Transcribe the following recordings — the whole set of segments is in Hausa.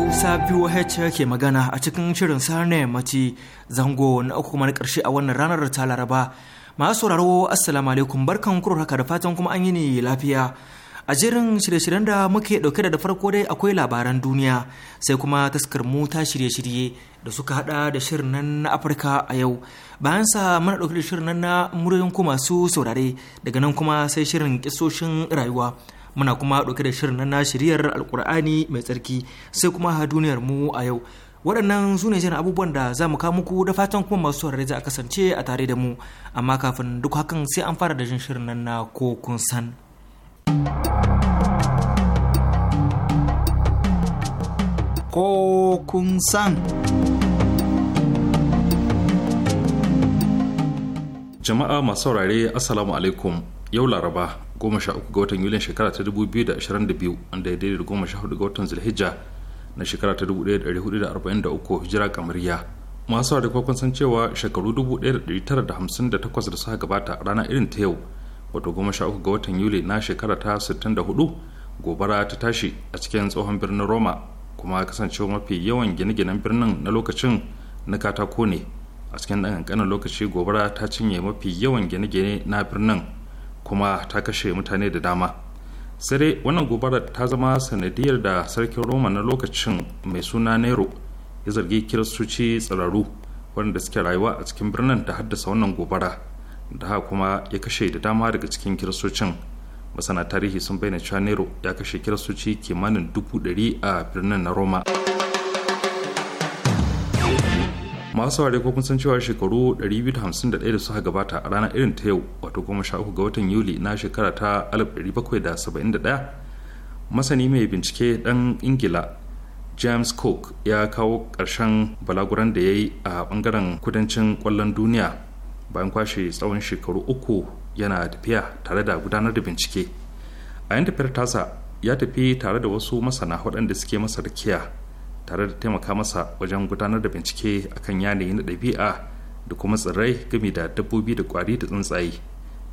Hausa VOH ke magana a cikin shirin sarne na zango na uku kuma na ƙarshe a wannan ranar ta Laraba. Masu sauraro Assalamu alaikum barkan kuro haka da fatan kuma an yi ni lafiya. A jerin shirye-shiryen da muke ɗauke da farko dai akwai labaran duniya sai kuma taskar mu ta shirye-shirye da suka hada da shirin nan na Afirka a yau. Bayan sa muna ɗauke da shirin nan na muryoyin ku masu saurare daga nan kuma sai shirin kisoshin rayuwa. muna kuma ɗauke da shirin na shiriyar alkur'ani mai tsarki sai kuma duniyar mu a yau waɗannan sune ne abubuwan da za mu kawo muku da fatan kuma masu saurare za a kasance a tare da mu amma kafin duk hakan sai an fara da jin shirin nan na ko kun san ko kun san jama'a masu saurare assalamu alaikum yau laraba goma sha uku ga watan yulin shekara ta dubu biyu da da ashirin biyu wanda ya daidai da goma sha hudu ga watan zulhijja na shekara ta dubu da da da dari hudu arba'in uku hijira kamariya masu da kwakwan san cewa shekaru dubu daya da dari tara da da da hamsin takwas suka gabata rana irin ta yau wato goma sha uku ga watan yuli na shekara ta sittin da hudu gobara ta tashi a cikin tsohon birnin roma kuma kasancewa mafi yawan gine-ginen birnin na lokacin na katako ne a cikin ɗan lokaci gobara ta cinye mafi yawan gine-gine na birnin kuma ta kashe mutane da dama sai dai wannan gobarar ta zama sanadiyar da sarkin roma na lokacin mai suna nero ya zargi kiristoci tsiraru wanda suke rayuwa a cikin birnin ta haddasa wannan gobara da haka kuma ya kashe da dama daga cikin kiristocin masana tarihi sun bayyana cewa nero ya kashe kiristoci kimanin dubu ɗari a birnin na roma masu saurare ko kun san cewa shekaru 251 da suka gabata a ranar irin ta yau wato sha uku ga watan yuli na shekara ta 1771 masani mai bincike dan ingila james cook ya kawo ƙarshen balaguran da ya yi a bangaren kudancin kwallon duniya bayan kwashe tsawon shekaru uku yana tafiya tare da gudanar da bincike a yan tasa ya tafi tare da wasu masana waɗanda suke masa rakiya tare da taimaka masa wajen gudanar da bincike akan yanayi na ɗabi'a da kuma tsirrai game da dabbobi da kwari da tsuntsaye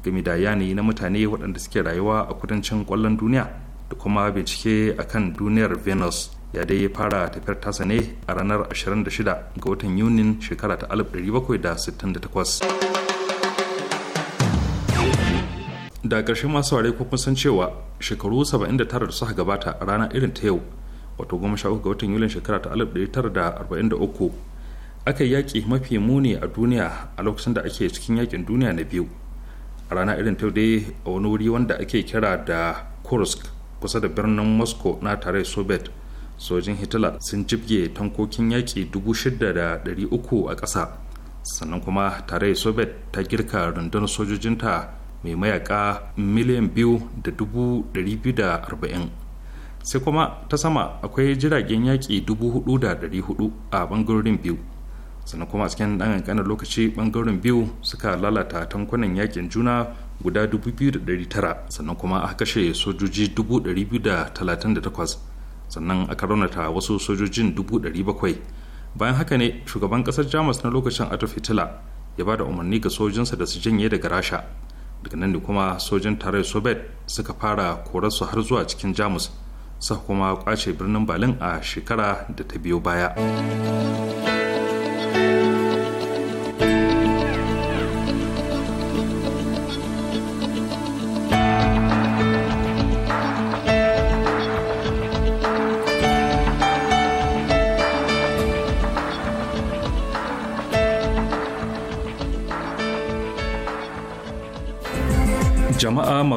game da yanayi na mutane waɗanda suke rayuwa a kudancin ƙwallon duniya da kuma bincike akan duniyar venus ya dai ya fara tafiyar tasa ne a ranar 26 ga watan yunin shekara ta 1768 da ƙarshen masu ware kuma san cewa shekaru 79 da suka gabata a rana irin ta yau wato goma sha uku ga watan yulin shekara ta alif tara da da arba'in uku aka yi yaƙi mafi muni a duniya a lokacin da ake cikin yaƙin duniya na biyu a rana irin ta dai a wani wuri wanda ake kira da kursk kusa da birnin moscow na tare soviet sojin hitler sun jibge tankokin yaƙi uku a ƙasa sannan kuma tare soviet ta girka rundunar sojojinta mai mayaƙa miliyan biyu da dubu ɗari biyu da arba'in sai kuma ta sama akwai jiragen yaƙi 4,400 a bangarorin biyu sannan kuma cikin ɗan lokaci bangarorin biyu suka lalata tankunan yakin juna guda 2,900 sannan kuma aka kashe sojoji 238 sannan aka raunata wasu sojojin 700 bayan haka ne shugaban ƙasar jamus na lokacin adolf hitler ya ba da umarni ga sojinsa da su janye daga rasha daga nan ne kuma sojin tarayyar soviet suka fara korarsu har zuwa cikin jamus suka kuma kwace birnin berlin a shekara da ta biyo baya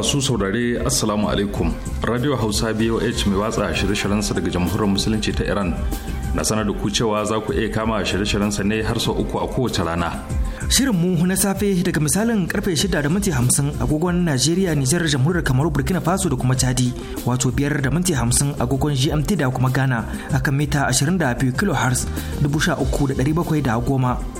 masu saurare assalamu alaikum radio hausa boh mai watsa shirye-shiryensa daga jamhuriyar musulunci ta iran na sanar da ku cewa za ku iya kama shirye-shiryensa ne har sau uku a kowace rana shirin mu na safe daga misalin karfe shida da minti hamsin agogon najeriya nijar jamhuriyar kamar burkina faso da kuma chadi wato biyar da minti hamsin agogon gmt da kuma ghana akan mita ashirin 22 kilohertz 13710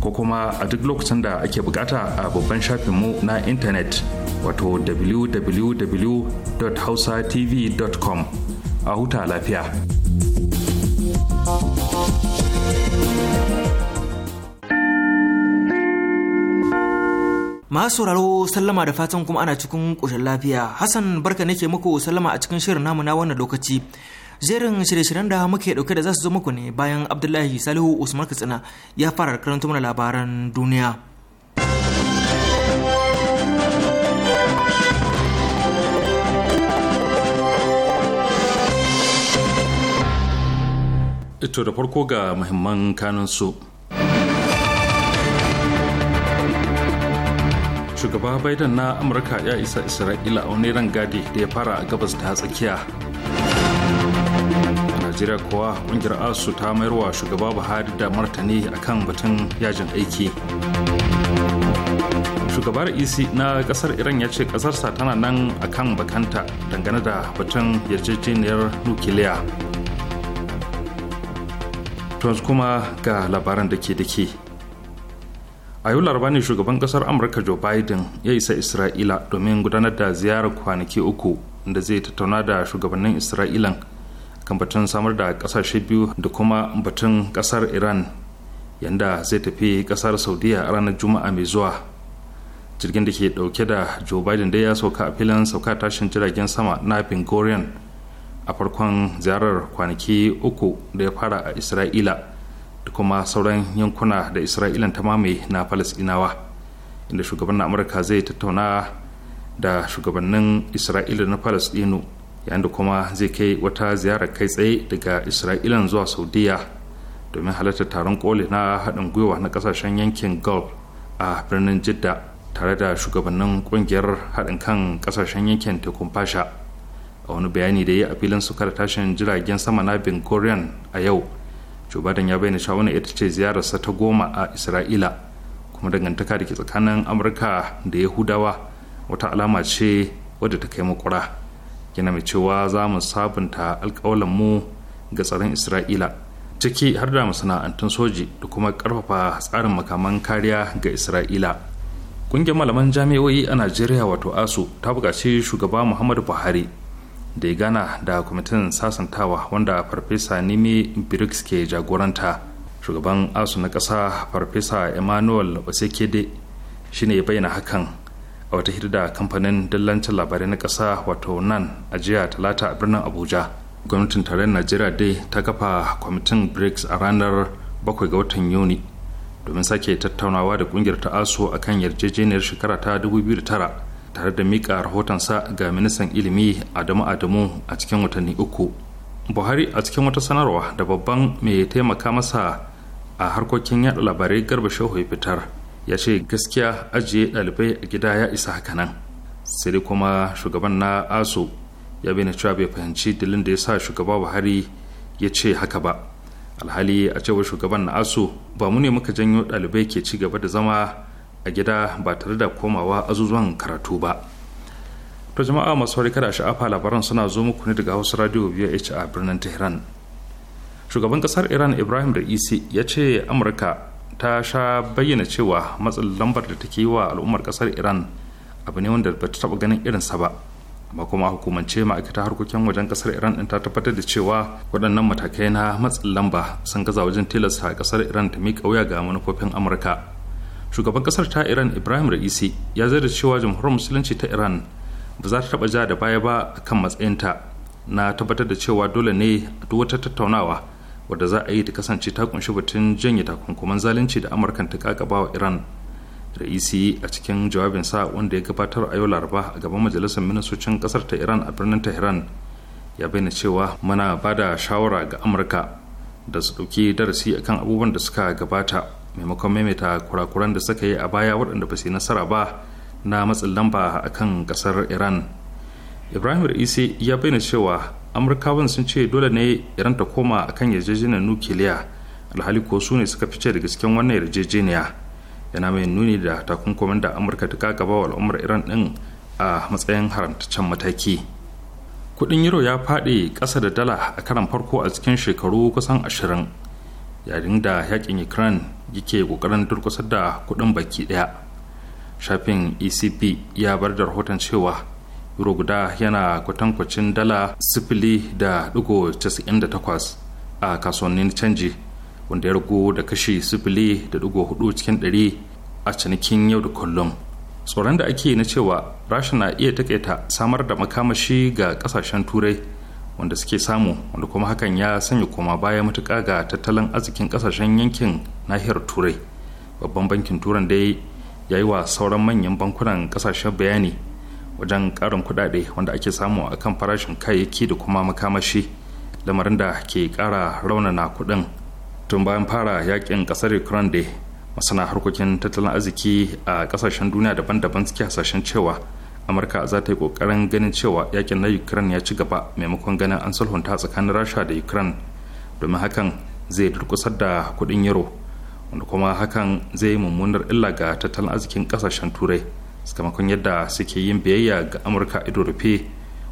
ko kuma a duk lokacin da ake bukata a babban shafinmu na intanet wato www.hausatv.com a huta lafiya. Masu sauraro sallama da fatan kuma ana cikin ƙoshin lafiya. Hassan barka nake muku sallama a cikin shirin namu na wannan lokaci. jerin shirye-shiryen da muke dauke da za su zo muku ne bayan abdullahi salihu usman katsina ya fara karanta mana labaran duniya ito da farko ga muhimman su shugaba biden na amurka ya isa isra'ila a wani rangadi da ya fara a gabas da tsakiya najeriya kuwa kungiyar asu ta mayar wa shugaba buhari da martani akan batun yajin aiki shugabar ec na kasar iran ya ce kasarsa tana nan akan bakanta dangane da batun yarjejeniyar nukiliya yanzu kuma ga labaran da ke dake a yau laraba ne shugaban kasar amurka joe biden ya isa isra'ila domin gudanar da ziyarar kwanaki uku da zai tattauna da shugabannin isra'ilan kan batun samar da kasashe biyu da kuma batun kasar iran yanda zai tafi kasar saudiya a ranar juma'a mai zuwa jirgin da ke dauke da joe biden dai ya sauka a filin sauka tashin jiragen sama na bingorian a farkon ziyarar kwanaki uku da ya fara a isra'ila da kuma sauran yankuna da isra'ilan ta mamaye na falasinawa inda shugaban amurka zai tattauna da shugabannin isra'ila na falasdino yayin da kuma zai kai wata ziyara kai tsaye daga isra'ilan zuwa saudiya domin halartar taron koli na haɗin gwiwa na ƙasashen yankin gulf a birnin jidda tare da shugabannin ƙungiyar haɗin kan ƙasashen yankin tekun fasha a wani bayani da ya yi a filin sukar tashin jiragen sama na bin a yau joe ya bayyana cewa wannan ita ce ziyararsa ta goma a isra'ila kuma dangantaka da ke tsakanin amurka da yahudawa wata alama ce wadda ta kai makura yana mai cewa za mu sabunta mu ga tsaron isra'ila ciki har da masana'antun soji da kuma karfafa tsarin makaman kariya ga isra'ila ƙungiyar malaman jami'o'i a najeriya wato asu ta buƙaci shugaba muhammadu buhari da ya gana da kwamitin sasantawa wanda farfesa nimi birix ke jagoranta shugaban asu na ƙasa farfesa emmanuel osekede shine ya bayyana hakan a wata hirda kamfanin dillancin labarai na ƙasa wato nan a jiya talata a birnin abuja gwamnatin tarayyar najeriya dai ta kafa kwamitin brics a ranar 7 ga watan yuni domin sake tattaunawa da kungiyar ta aso a kan yarjejeniyar shekara ta 2009 tare da mika rahotonsa ga ministan ilimi adamu adamu a cikin watanni uku buhari a cikin wata sanarwa da babban mai taimaka masa a harkokin yada labarai garba shehu ya fitar ya ce gaskiya ajiye ɗalibai a gida ya isa haka nan sai dai kuma shugaban na aso ya na cewa bai fahimci dalilin da ya sa shugaba buhari ya ce haka ba alhali a cewar shugaban na aso ba mu ne muka janyo ɗalibai ke ci gaba da zama a gida ba tare da komawa azuzuwan karatu ba to jama'a masu wari kada sha'afa labaran suna zo muku ne daga hausa radio biyu a birnin tehran shugaban kasar iran ibrahim da isi ya ce amurka ta sha bayyana cewa matsin lambar da take yi wa al'ummar kasar iran abu ne wanda ba ta taba ganin irinsa ba amma kuma hukumance ma'aikata harkokin wajen kasar iran din ta tabbatar da cewa waɗannan matakai na matsin lamba sun gaza wajen tilasta kasar iran ta miƙa wuya ga manufofin amurka shugaban kasar ta iran ibrahim ra'isi ya zai da cewa jamhuriyar musulunci ta iran ba za ta taba ja da baya ba kan matsayinta na tabbatar da cewa dole ne a duk wata tattaunawa wadda za a yi ta kasance ta kunshi batun janye takunkuman zalunci da amurkan ta kakaba wa iran raisi a cikin jawabinsa wanda ya gabatar a yau laraba a gaban majalisar ministocin kasar ta iran a birnin tehran ya bayyana cewa muna ba da shawara ga amurka da su dauki darasi akan abubuwan da suka gabata maimakon maimaita kurakuran da suka yi a baya waɗanda ba su yi nasara ba na matsin lamba akan kasar iran ibrahim raisi ya bayyana cewa amurkawan sun ce dole ne iran ta koma kan yarjejeniyar nukiliya alhali ko su ne suka fice da gasken wannan yarjejeniya yana mai nuni da takunkumin da amurka ta kakaba wa al'ummar iran din a matsayin haramtaccen mataki kudin euro ya faɗi kasa da dala a karan farko a cikin shekaru kusan ashirin yayin da yakin ukraine yake kokarin durkusar da kudin baki daya shafin ecp ya bar da rahoton cewa euro guda yana kwatankwacin dala sifili da dugo casa'in da takwas a kasuwannin canji wanda ya ragu da kashi sifili da dugo hudu cikin ɗari a cinikin yau da kullum tsoron da ake na cewa rasha na iya takaita samar da makamashi ga kasashen turai wanda suke samu wanda kuma hakan ya sanya koma baya matuka ga tattalin arzikin kasashen yankin nahiyar turai babban bankin turan dai ya yi wa sauran manyan bankunan kasashen bayani wajen karin kudade wanda ake samu a kan farashin kayayyaki da kuma makamashi lamarin da ke kara raunana kudin tun bayan fara yakin kasar ukraine da masana harkokin tattalin arziki a kasashen duniya daban-daban suke hasashen cewa amurka za ta yi kokarin ganin cewa yakin na ukraine ya ci gaba maimakon ganin an sulhunta tsakanin rasha da ukraine domin hakan zai durkusar da kudin euro wanda kuma hakan zai yi mummunar illa ga tattalin arzikin kasashen turai sakamakon yadda suke yin biyayya ga amurka ido rufe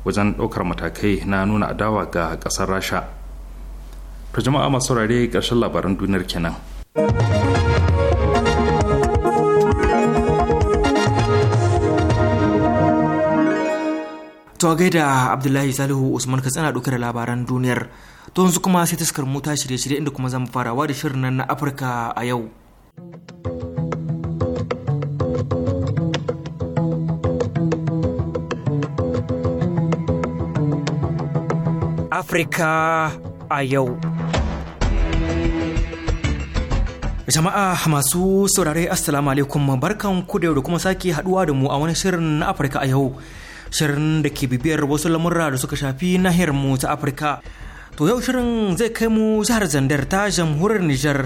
wajen ɗaukar matakai na nuna adawa ga ƙasar rasha ta jama'a masu saurare ƙarshen labaran duniyar kenan to gaida abdullahi salihu usman katsina ɗauke da labaran duniyar to yanzu kuma sai taskar mota shirye-shirye inda kuma zan farawa da shirin nan na afirka a yau Afrika a yau. Jama'a masu saurare Assalamu alaikum barkan ku da yau kuma sake haduwa da mu a wani shirin na afrika a yau. Shirin da ke bibiyar wasu lamurra da suka shafi nahiyar mu ta Afirka. To yau shirin zai kai mu jihar Zandar ta jamhuriyar Nijar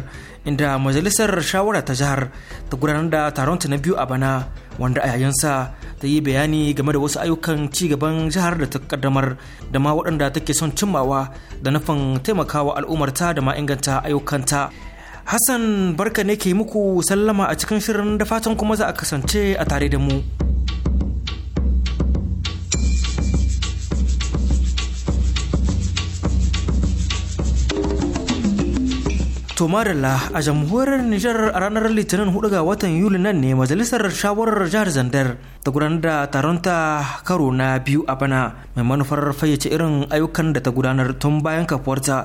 inda majalisar shawara ta jihar ta gudanar da taron ta na biyu a bana wanda a yayansa ta yi bayani game da wasu ayyukan ci gaban jihar da ta kaddamar da ma waɗanda take son cimmawa da nufin taimakawa al'ummarta da ma inganta ayyukanta hassan barka ne ke muku sallama a cikin shirin da fatan kuma za a kasance a tare da mu. To Marilla a jamhuriyar Nijar a ranar Litinin 4 ga watan Yuli nan ne majalisar shawarar jihar Zandar ta gudanar da taron ta karo na biyu a bana mai manufar fayyace irin ayyukan da ta gudanar tun bayan kafuwarta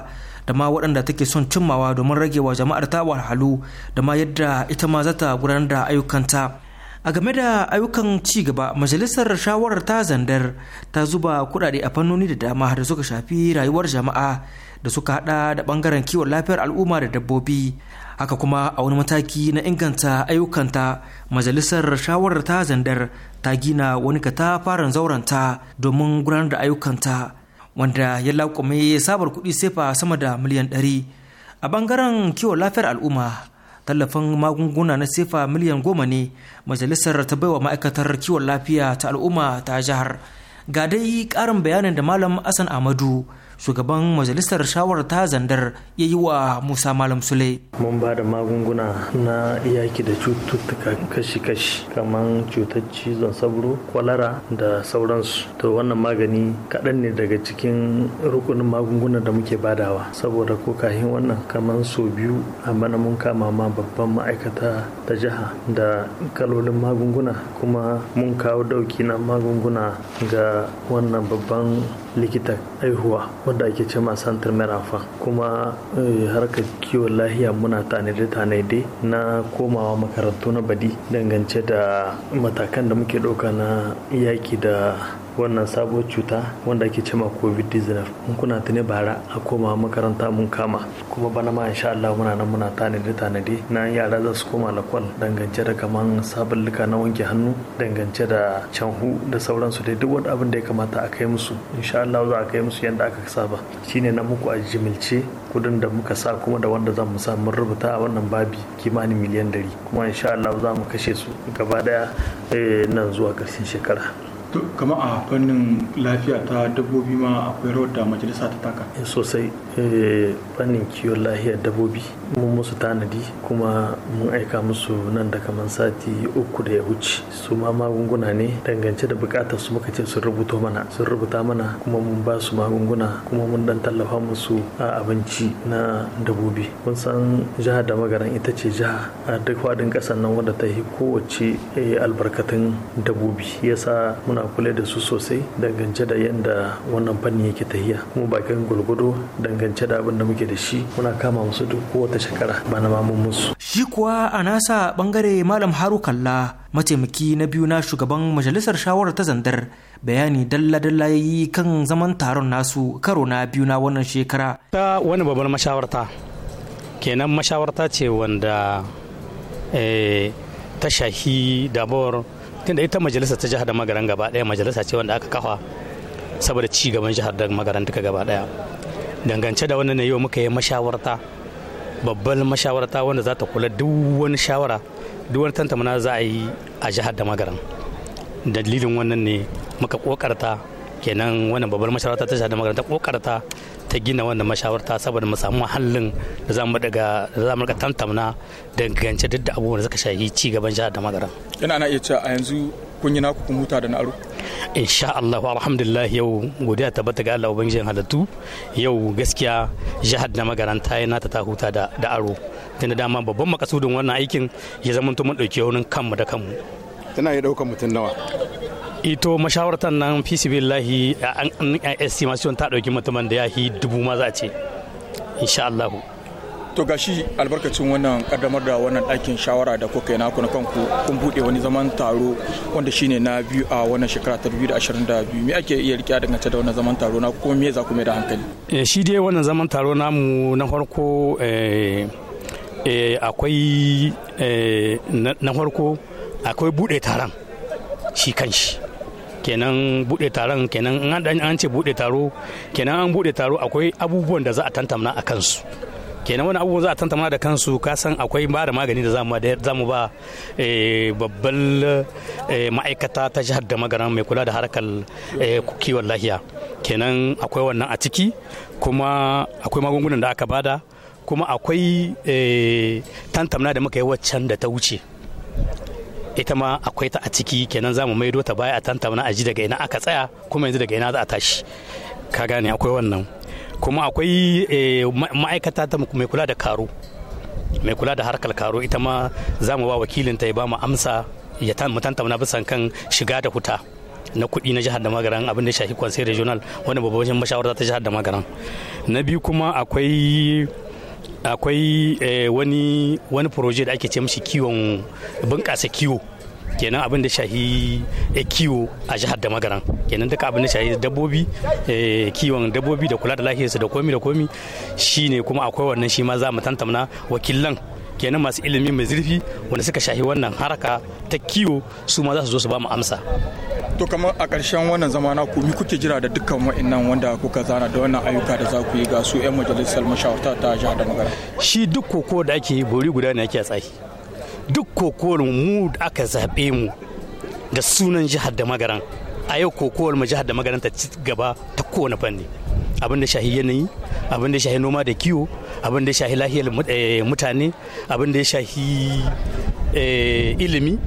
da ma waɗanda take son cimmawa domin rage wa jama'ar ta wahalhalu da ma yadda ita ma zata gudanar da ayyukanta. a game da ayyukan ci gaba majalisar shawarar ta zandar ta zuba kuɗaɗe a fannoni da dama da suka shafi rayuwar jama'a da suka hada da bangaren kiwon lafiyar al'umma da dabbobi haka kuma a wani mataki na inganta ayyukanta majalisar shawarar ta zandar ta gina wani ka ta katafaren zauranta domin gudanar da ayyukanta wanda ya laƙume sabar kuɗi sefa sama da miliyan ɗari a bangaren kiwon lafiyar al'umma tallafin magunguna na sefa miliyan goma ne majalisar ta baiwa ma'aikatar kiwon lafiya ta al'umma ta jihar ga dai ƙarin bayanin da malam asan amadu shugaban majalisar shawarar ta zandar ya yi wa musa malam sule mun ba da magunguna na yaki da cututtuka kashi-kashi kamar cutar cizon sabro kwalara da sauransu to wannan magani kaɗan ne daga cikin rukunin magunguna da muke badawa saboda ko kahin wannan kamar so biyu a bana mun kama ma babban ma'aikata ta jiha da kalolin magunguna kuma mun kawo dauki na magunguna ga wannan babban likita aihuwa wanda ake ce ma santar marafa kuma eh, harkar kiwon lahiya muna tanade-tanade na komawa makarantu na badi dangance da matakan da muke ɗauka na yaki da wannan sabuwar cuta wanda ake cema covid-19 mun kuna tuni bara a koma makaranta mun kama kuma bana ma insha Allah muna nan muna tanade tanade na yara za su koma lakwal dangance da kaman sabulluka na wanke hannu dangance da canhu da sauransu dai duk wani abin da ya kamata a kai musu insha Allah za a kai musu yadda aka saba shine na muku a jimilce kudin da muka sa kuma da wanda za mu sa mun rubuta a wannan babi kimanin miliyan dari kuma insha Allah za mu kashe su gaba daya eh, nan zuwa ƙarshen shekara kama a fannin lafiya ta dabbobi ma akwai rawar da majalisa ta taka eh, sosai eh, fannin kiwon lafiyar dabbobi mun musu tanadi kuma mun aika musu nan da kamar sati uku da ya wuce su ma magunguna ne dangance da bukatar su muka ce sun rubuto mana sun rubuta mana kuma mun ba su magunguna kuma mun dan tallafa musu a abinci na dabbobi mun san jihar da magaran ita ce jiha a duk faɗin ƙasar nan wadda ta yi kowace eh, albarkatun dabbobi yasa muna ana kula da su sosai dangance da yadda wannan fanni yake tahiya kuma bakin gulgudu dangance da abin da muke da shi muna kama musu duk kowace shekara ba na mamun musu. Shi kuwa a nasa bangare Malam Haru Kalla mataimaki na biyu na shugaban majalisar shawarar ta zandar bayani dalla-dalla ya yi kan zaman taron nasu karo na biyu na wannan shekara. Ta wani babbar mashawarta kenan mashawarta ce wanda eh, ta shahi dabar tunda ita majalisa ta jihar da magaran gaba daya majalisa ce wanda aka kafa saboda ci gaban jihar da magaran duka gaba daya dangance da wannan yau muka yi mashawarta babban mashawarta wanda za ta kula duk wani shawara duk wani tantamana za a yi a jihar da magaran dalilin wannan ne muka kokarta kenan wannan babbar mashawarta ta shaɗa makaranta kokarta ta gina wannan mashawarta saboda mu samu mahallin da za mu daga za mu tantamna dangance duk da abubuwan da suka shafi ci gaban jihar da magaran ina na iya cewa a yanzu kun yi naku kun huta da na aro insha Allah alhamdulillah yau godiya tabbata ga Allah ubangijin halatu yau gaskiya jihar da magaranta nata ta huta da aro tunda dama babban makasudin wannan aikin ya zama mun dauke wurin kanmu da kanmu tana yi daukar mutum nawa ito mashawartar nan fisibillahi a estimation ta ɗauki mutumin da ya yi dubu ma za ce insha Allah to gashi albarkacin wannan kaddamar da wannan ɗakin shawara da kuka yi naku na kanku kun buɗe wani zaman taro wanda shine na biyu a wannan shekara ta 2022 me ake iya rike dangance da wannan zaman taro na kuma me za ku mai da hankali eh, shi dai wannan zaman taro namu na farko eh, eh, akwai na farko akwai buɗe taron shi kan shi kenan bude taron kenan an ce bude taro kenan an bude taro akwai abubuwan da za a tantamna a kansu kenan wani abubuwan za a tantamna da kansu ka san akwai ba da magani da za mu ba eh, babban eh, ma'aikata ta jihar da magana mai kula da harkar eh, kiwon lahiya kenan akwai wannan a ciki kuma akwai magungunan da aka bada kuma akwai tantamna da muka yi waccan da ta wuce ita ma akwai ta a ciki kenan za mu maido ta baya a tantamna aji daga ina aka tsaya kuma yanzu daga ina za a tashi ka gane akwai wannan kuma akwai eh, ma'aikata ta mai kula da karo mai kula da harkar karo ita ma za mu ba wakilinta ya ba mu amsa ya mu tantamna bisan kan shiga da huta na kuɗi na jihar da magaran abin da shafi kwansai regional wani babban mashawarta ta jihar da magaran na biyu kuma akwai akwai eh, wani wani proje da ake ce mishi kiwon bunƙasa kiwo kenan abin da shahi eh, kiwo a jihar da magaran kenan duka abin da shahi dabbobi eh, kiwon dabbobi da kula da lafiyarsu da komi da komi shine kuma akwai wannan shi ma za mu tantamna wakilan kenan masu ilimi mai zurfi wanda suka shahi wannan haraka ta kiwo su ma za su zo su ba mu amsa to kamar a ƙarshen wannan zama na ku kuke jira da dukkan wa'annan wanda kuka zana da wannan ayyuka da za ku yi ga su 'yan majalisar mashawarta ta jihar da magana shi duk koko da ake yi bori guda ne ake tsaye duk kokowar mu da aka zaɓe mu da sunan jihar da magaran a yau kokowar mu jihar da magaran ta ci gaba ta kowane fanni abin da shahi yanayi abin da shahi noma da kiwo abin da shahi lahiyar eh, mutane abin da shahi eh, ilimi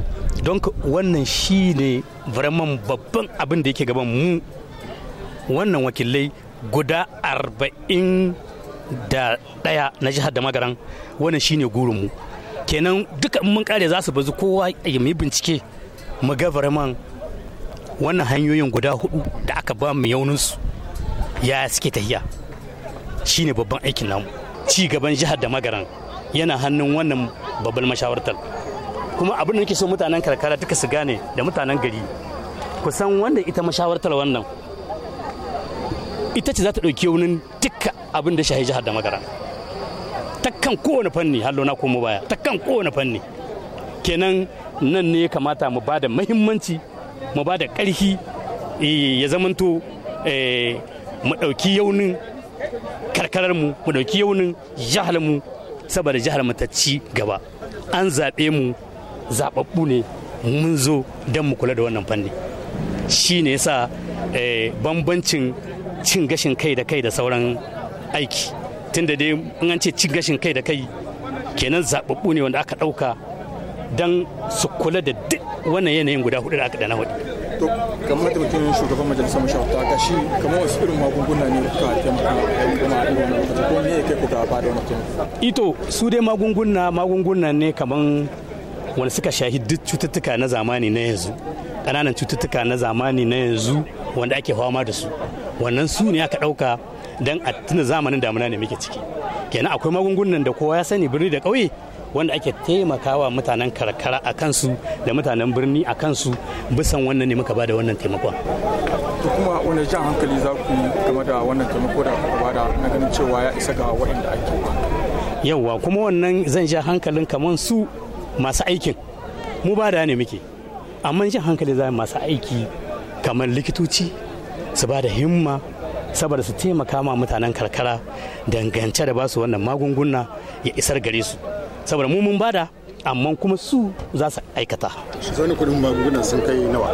don wannan shi ne vraiment babban abin da yake gaban mu wannan wakilai guda arba'in da ɗaya na jihar da magaran wannan shi shine mu. kenan duka mun kare za su bazu kowa ya yi bincike mu ga vraiment wannan hanyoyin guda hudu da aka ba mu yauninsu ya suke tahiya shine babban aikin namu ci gaban jihar da magaran yana hannun wannan babban mashawartar kuma abin da nake so mutanen karkara duka su gane da mutanen gari kusan wanda ita mashawartar wannan ita ce za ta ɗauki wani duka abin da shahi jihar da magaran takkan kowane fanni hallona ko komo baya takkan kowane fanni kenan nan ne ya kamata mu ba da mahimmanci mu ba da ƙarfi eh, ya zamanto eh, mu ɗauki yaunin karkararmu mu ɗauki yaunin jiharmu saboda jihar mu ta ci gaba an zaɓe mu zaɓaɓɓu ne mun zo don mu kula da wannan fanni shi ne yasa eh, bambancin cin gashin kai da kai da sauran aiki tunda dai in an ce cin gashin kai da kai kenan zaɓaɓɓu ne wanda aka ɗauka don su kula da duk wannan yanayin guda hudu da aka da na hudu to kamar da mutum shugaban majalisar mashawarta ga shi kamar wasu irin magunguna ne kuka taimaka kuma a irin lokaci ko me kai kuka ba da wani taimako ito su dai magunguna magunguna ne kamar wani suka shahi duk cututtuka na zamani na yanzu ƙananan cututtuka na zamani na yanzu wanda ake fama da su wannan su ne aka ɗauka don a tuna zamanin damuna ne muke ciki kenan akwai magungunan da kowa ya sani birni da ƙauye wanda ake taimakawa mutanen karkara a kansu da mutanen birni a kansu bisan wannan ne muka bada wannan taimakon kuma wani jan hankali za ku game da wannan taimako da kuka bada na ganin cewa ya isa ga waɗanda ake ba. yawwa kuma wannan zan ja hankalin kamar su masu aikin mu ba da ne muke amma jan hankali za masu aiki kamar likitoci su ba da himma saboda su taimaka ma mutanen karkara dangance da ba su wannan magunguna ya isar gare su saboda mu mun bada amma kuma su za su aikata zaune kudin magunguna sun kai nawa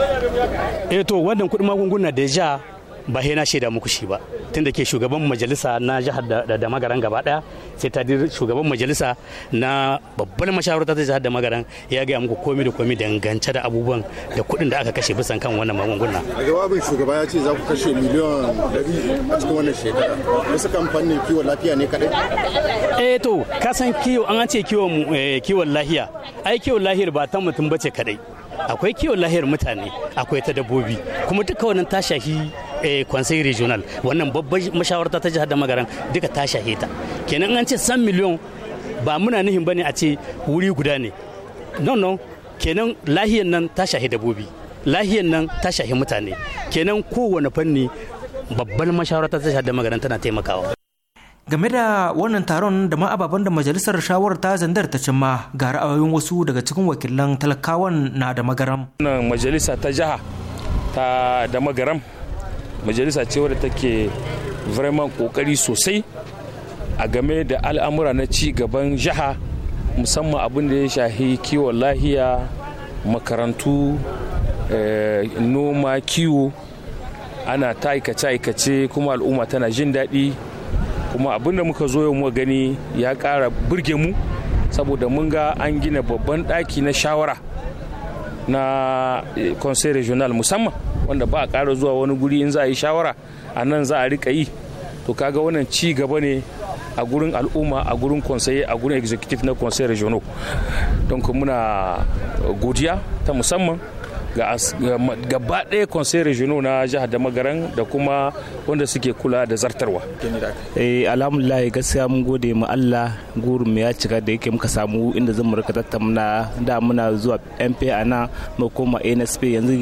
eto eh to wannan kudin magunguna da ja ba hena shaida muku shi ba da ke shugaban majalisa na jihar da magaran gaba daya sai ta shugaban majalisa na babban mashawarta ta jihar da magaran ya gaya muku komi da komi dangance da abubuwan da kuɗin da aka kashe bisan kan wannan magunguna a jawabin shugaba ya ce za ku kashe miliyan 100 a cikin wannan shekara wasu kamfanin kiwon lafiya ne kadai eh to ka san kiwo an ce kiwon eh, lafiya ai kiwon lahiyar ba ta mutum bace kadai akwai kiwon lahiyar mutane akwai ta dabbobi kuma duka wannan ta shahi conseil eh, regional wannan babban mashawarta ta jihar da magaran duka ta ta kenan an ce san miliyon ba muna nihin bane a ce wuri guda ne non non kenan lahiyar nan ta shahi dabbobi lahiyar nan ta shahi mutane kenan kowane fanni babban mashawarta ta jihar da magaran tana taimakawa game da wannan taron da ma ababen da majalisar shawarar ta zandar ta cimma ga ra'ayoyin wasu daga cikin wakilan talakawan na da magaram wannan majalisa ta jiha ta da magaram majalisa ce wadda take vraiment kokari sosai a game da al'amura na ci gaban jiha musamman abin da ya shahi kiwon lahiya makarantu eh, noma kiwo ana ta aikace-aikace kuma al'umma tana jin daɗi kuma abin da muka zo yau muka gani ya ƙara burge mu saboda mun ga an gina babban ɗaki na shawara na eh, conseil regional musamman wanda ba a ƙara zuwa wani guri in za a yi shawara a nan za a rika yi to kaga wannan ci gaba ne a gurin al'umma a gurin conseil a gurin executive na conseil regional don muna eh, godiya ta musamman gaba ɗaya conseil regional na jihar da magaran da kuma wanda suke kula da zartarwa eh alhamdulillah gaskiya mun gode ma Allah gurin mu ya cika da yake muka samu inda zan rika tattauna da muna zuwa MP ana mu koma NSP yanzu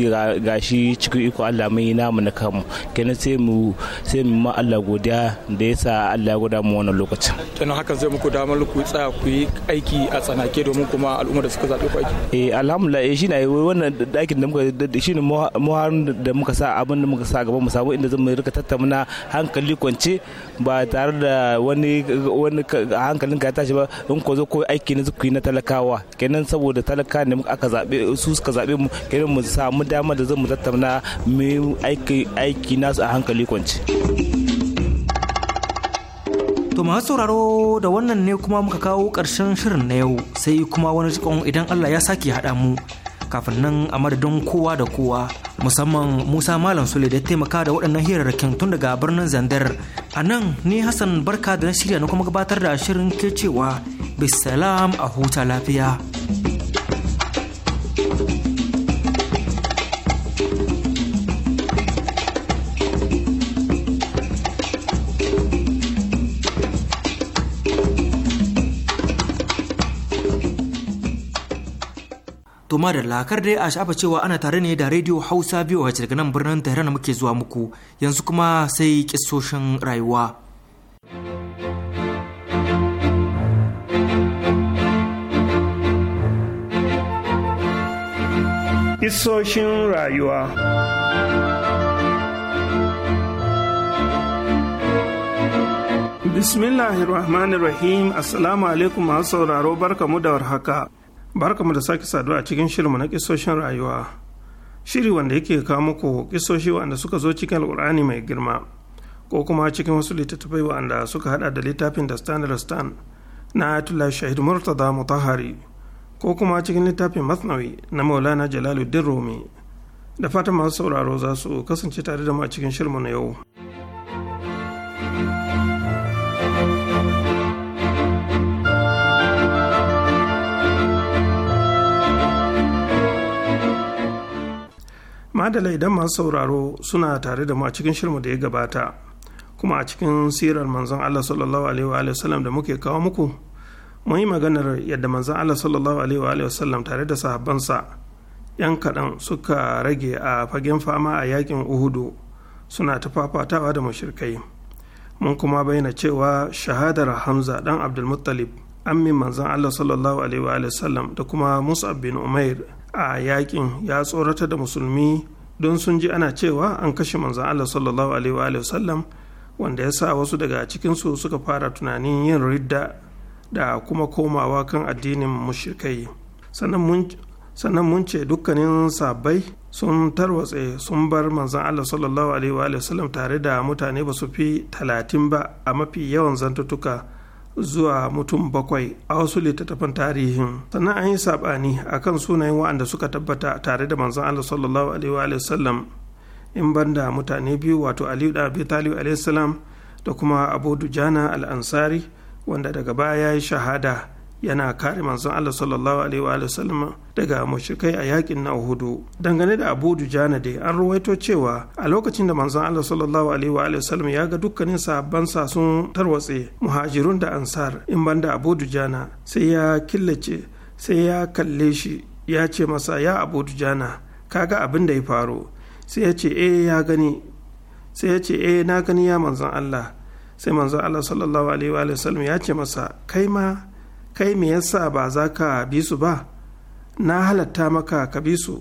gashi cikin iko Allah mai mu na kanmu kenan sai mu sai mu ma Allah godiya da yasa Allah ya goda mu wannan lokacin tunan hakan zai muku damar ku tsaya ku yi aiki a tsanake domin kuma al'umma da suka zaɓe ku aiki eh alhamdulillah eh shi na wannan dakin da muka ne muharin da muka sa abin da muka sa gaba mu samu inda zamu rika tattauna hankali kwance ba tare da wani wani hankalin ka tashi ba in ko zo ko aiki na zuku na talakawa kenan saboda talaka ne aka zabe su suka zabe mu kenan mu samu dama da zamu tattauna mu aiki aiki nasu a hankali kwance To masu sauraro da wannan ne kuma muka kawo ƙarshen shirin na yau sai kuma wani jikon idan Allah ya sake haɗa mu kafin nan a madadin kowa da kowa musamman musa malam sule da taimaka da waɗannan hirarrakin tun daga birnin zandar a nan ni hassan barka da na shirya na kuma gabatar da shirin ke cewa bisalam a huta lafiya. To ma da lakar dai a sha'afa cewa ana tare ne da Radio Hausa biyu a daga nan birnin Tehran muke zuwa muku yanzu kuma sai kisoshin rayuwa. Kisoshin rayuwa Bismillahirrahmanirrahim Assalamu alaikum masu sauraro barkamu da warhaka. barkamu da sake saduwa a cikin shirinmu na kisoshin rayuwa shiri wanda yake kawo muku kisoshi wanda suka zo cikin alkur'ani mai girma ko kuma cikin wasu littattafai wanda suka hada da littafin da standard stan na atula shahid murtada mutahari ko kuma cikin littafin masnawi na maulana jalaluddin rumi da fatan masu sauraro za su kasance tare da mu a cikin shirinmu na yau. madala idan masu sauraro suna tare da mu a cikin shirmu da ya gabata kuma a cikin sirar manzon Allah sallallahu alaihi wa sallam da muke kawo muku mun yi maganar yadda manzon Allah sallallahu alaihi wa sallam tare da sahabbansa yan kaɗan suka rage a fagen fama a yakin Uhudu suna ta fafatawa da mushrikai mun kuma bayyana cewa shahadar Hamza dan Abdul Muttalib ammin manzon Allah sallallahu alaihi wa sallam da kuma Mus'ab bin Umair a yakin ya tsorata da musulmi don sun ji ana cewa an kashe manzan Allah sallallahu alaihi wa sallam wanda ya sa wasu daga cikinsu suka fara tunanin yin ridda da kuma komawa kan addinin mushrikai sannan mun ce dukkanin sabbai sun tarwatse sun bar manzan Allah sallallahu alaihi wa sallam tare da mutane ba su fi talatin ba a mafi yawan zantutuka zuwa mutum bakwai a wasu littattafan tarihin sannan an yi saɓani a kan sunayen waɗanda suka tabbata tare da manzon Allah sallallahu alaihi wa sallam in banda mutane biyu wato Aliyu da Abi Talib alaihi salam da kuma Abu Dujana al-Ansari wanda daga baya ya yi shahada yana kare manzon Allah sallallahu alaihi wa sallam daga mushrikai a yakin na Uhudu dangane da Abu Dujana dai an ruwaito cewa a lokacin da manzon Allah sallallahu alaihi wa sallam ya ga dukkanin sahabban sa sun tarwatse muhajirun da ansar in banda Abu Dujana sai ya killace sai ya kalle shi ya ce masa ya Abu Dujana kaga abin da ya faru sai ya ce eh ya gani sai ya ce eh na gani ya manzon Allah sai manzon Allah sallallahu alaihi wa sallam ya ce masa kai ma kai me yasa ba za ka bi su ba na halatta maka ka bi su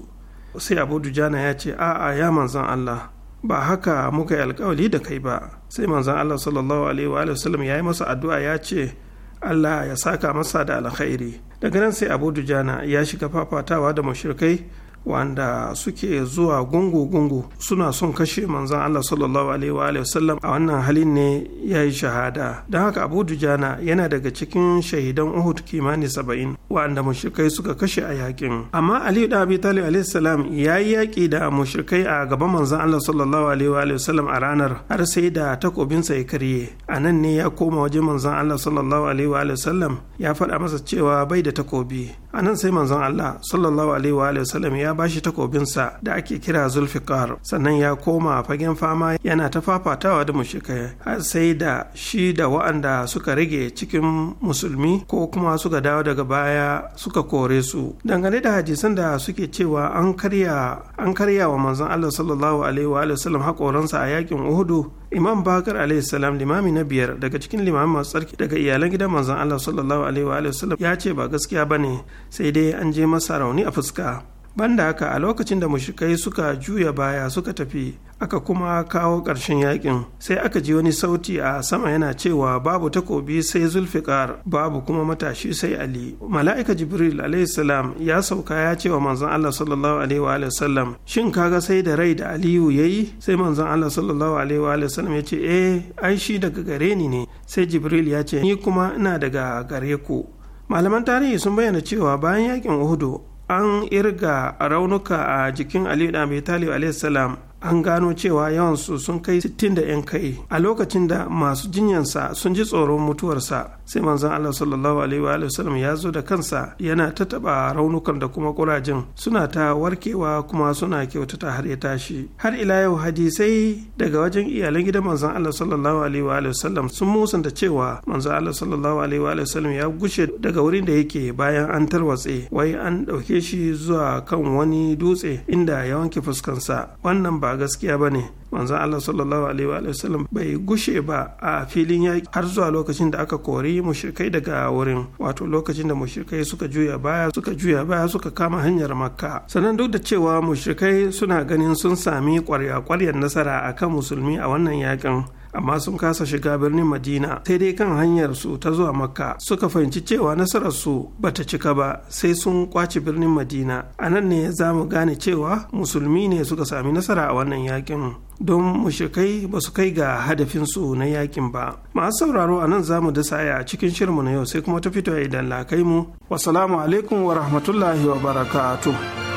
sai abu dujana ya ce a'a ya manzan allah ba haka muka yi alkawali da kai ba sai manzan allah sallallahu alaihi wa sallam ya yi masa addu'a ya ce allah ya saka masa da alkhairi daga nan sai abu dujana ya shiga fafatawa da mashirkai wanda suke zuwa gungu-gungu suna son kashe manzan Allah sallallahu alaihi sallam a wannan halin ne ya yi shahada don haka abu dujana yana daga cikin shahidan uhud Kimani saba'in wanda mushrikai suka kashe a yakin amma aliyu da abi talib alaihi salam ya yi yaƙi da mushrikai a gaban manzan Allah sallallahu alaihi sallam a ranar har sai da takobinsa ya karye a nan ne ya koma wajen manzan Allah sallallahu alaihi sallam ya faɗa masa cewa bai da takobi a nan sai manzan Allah sallallahu alaihi sallam ya ya takobin takobinsa da ake kira zulfikar sannan ya koma fagen fama yana ta fafatawa da mushrikai har sai da shi da wa'anda suka rage cikin musulmi ko kuma suka dawo daga baya suka kore su dangane da hadisan da suke cewa an karya an karya wa manzon Allah sallallahu alaihi wa sallam hakoransa a yakin Uhudu Imam Bakar alaihi salam limami na biyar daga cikin limamin masu tsarki daga iyalan gidan manzon Allah sallallahu alaihi wa sallam ya ce ba gaskiya bane sai dai an je masa rauni a fuska banda haka a lokacin da mushrikai suka juya baya suka tafi aka kuma kawo ƙarshen yakin sai aka ji wani sauti a sama yana cewa babu takobi sai zulfikar babu kuma matashi sai ali mala'ika jibril alaihissalam ya sauka ya cewa manzon allah sallallahu alaihi wa sallam shin kaga sai da rai da aliyu yayi sai manzon allah sallallahu alaihi wa sallam ya ce eh ai shi daga gare ni ne sai jibril ya ce ni kuma ina daga gare ku malaman tarihi sun bayyana cewa bayan yakin uhudu an irga raunuka a jikin aliyu da mai talib salam an gano cewa yawansu sun kai sittin da 'yan kai a lokacin da masu jinyansa sun ji tsoron mutuwarsa sai manzon Allah sallallahu alaihi wa sallam ya zo da kansa yana ta taba raunukan da kuma kurajin suna ta warkewa kuma suna kyautata har ya tashi har ila yau hadisai daga wajen iyalan gidan manzon Allah sallallahu alaihi wa sallam sun musanta cewa manzon Allah sallallahu alaihi wa sallam ya gushe daga wurin da yake bayan an tarwatse wai an ɗauke shi zuwa kan wani dutse inda ya wanke fuskansa wannan ba ba gaskiya ba ne manzon Allah sallallahu alaihi wa sallam bai gushe ba a filin yaƙi har zuwa lokacin da aka kori mushrikai daga wurin wato lokacin da mushrikai suka juya baya suka juya baya suka kama hanyar makka sannan duk da cewa mushrikai suna ganin sun sami kwarya ƙwaryar nasara akan musulmi a wannan yaƙin amma sun kasa shiga birnin madina sai dai kan hanyar su ta zuwa makka suka fahimci cewa nasarar su bata cika ba sai sun kwace birnin madina a nan ne za mu gane cewa musulmi ne suka sami nasara a wannan yakin don mushrikai ba su kai ga hadafin su na yakin ba masu sauraro a nan za mu dasa a cikin shirinmu na yau sai kuma ta fito idan lakai mu wasalamu alaikum wa rahmatullahi wa barakatuh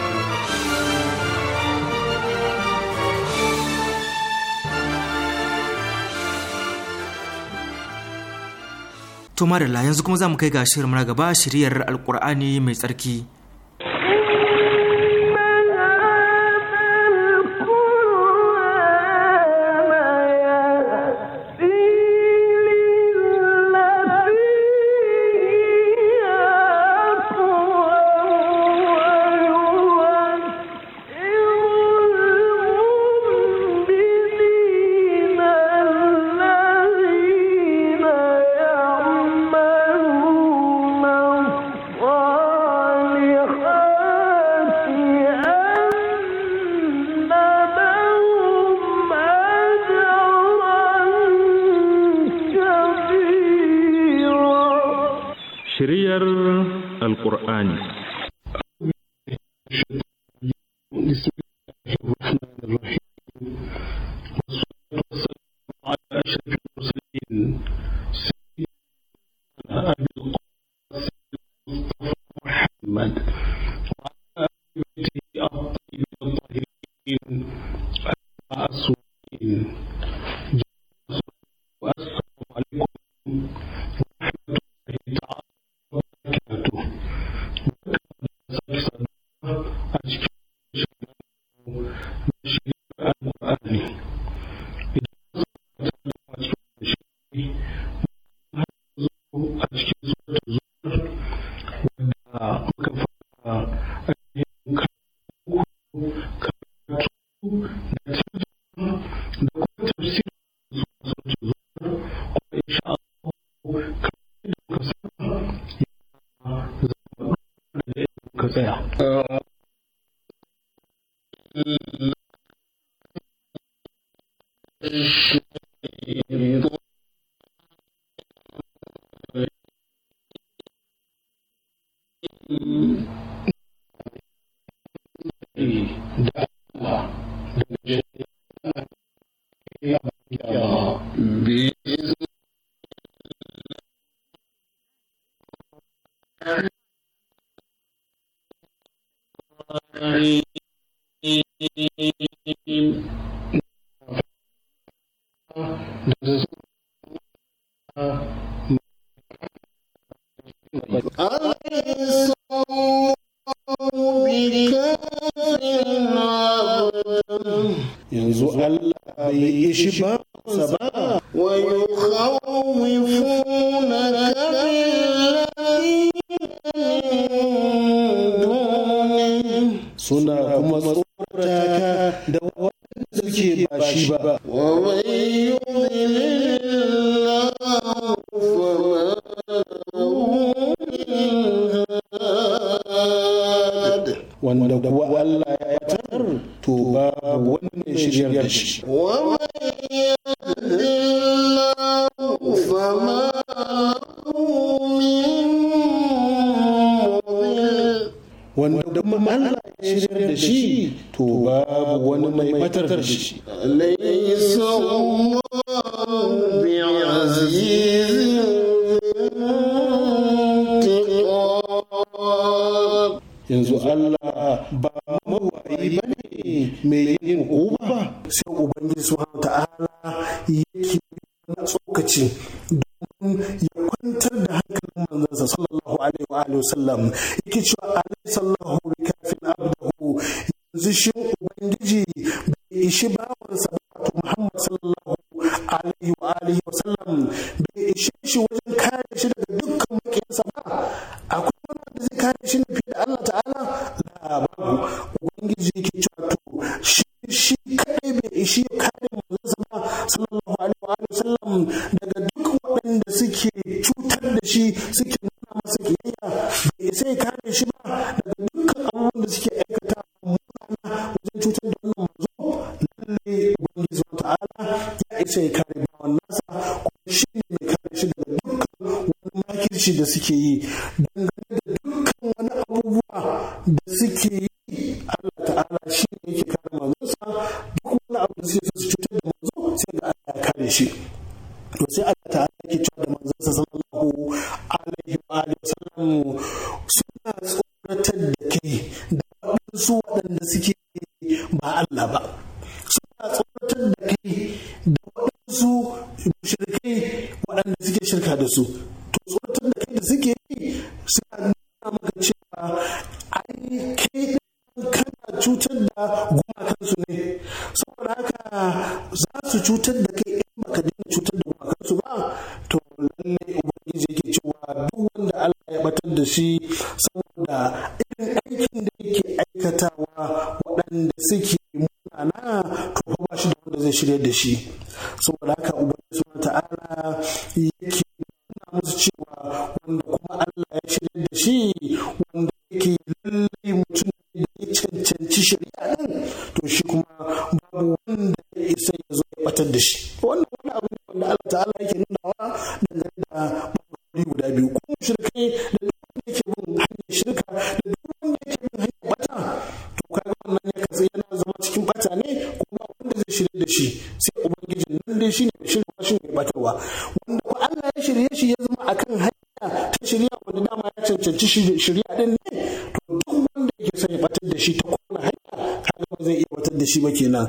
to marilla yanzu kuma za mu kai ga shirin gaba shiriyar alkur'ani mai tsarki Mm-hmm. wasallam yake cewa alaisallahu bikafin abdahu yanzu shi ubangiji bai ishi bawansa ba Muhammad sallallahu alaihi wa alihi wasallam bai ishe shi esse que cutar da kai in baka daina cutar da gumakansu ba to lallai ubangiji yake cewa duk wanda Allah ya batar da shi saboda irin aikin da yake aikatawa waɗanda suke munana to ba shi da wanda zai shirya da shi saboda haka ubangiji subhanahu ta'ala yake nuna musu cewa wanda kuma Allah ya shirya da shi wasu shirya din ne to duk wanda yake son ya batar da shi ta kowane hanya kaga ba zai iya batar da shi ba kenan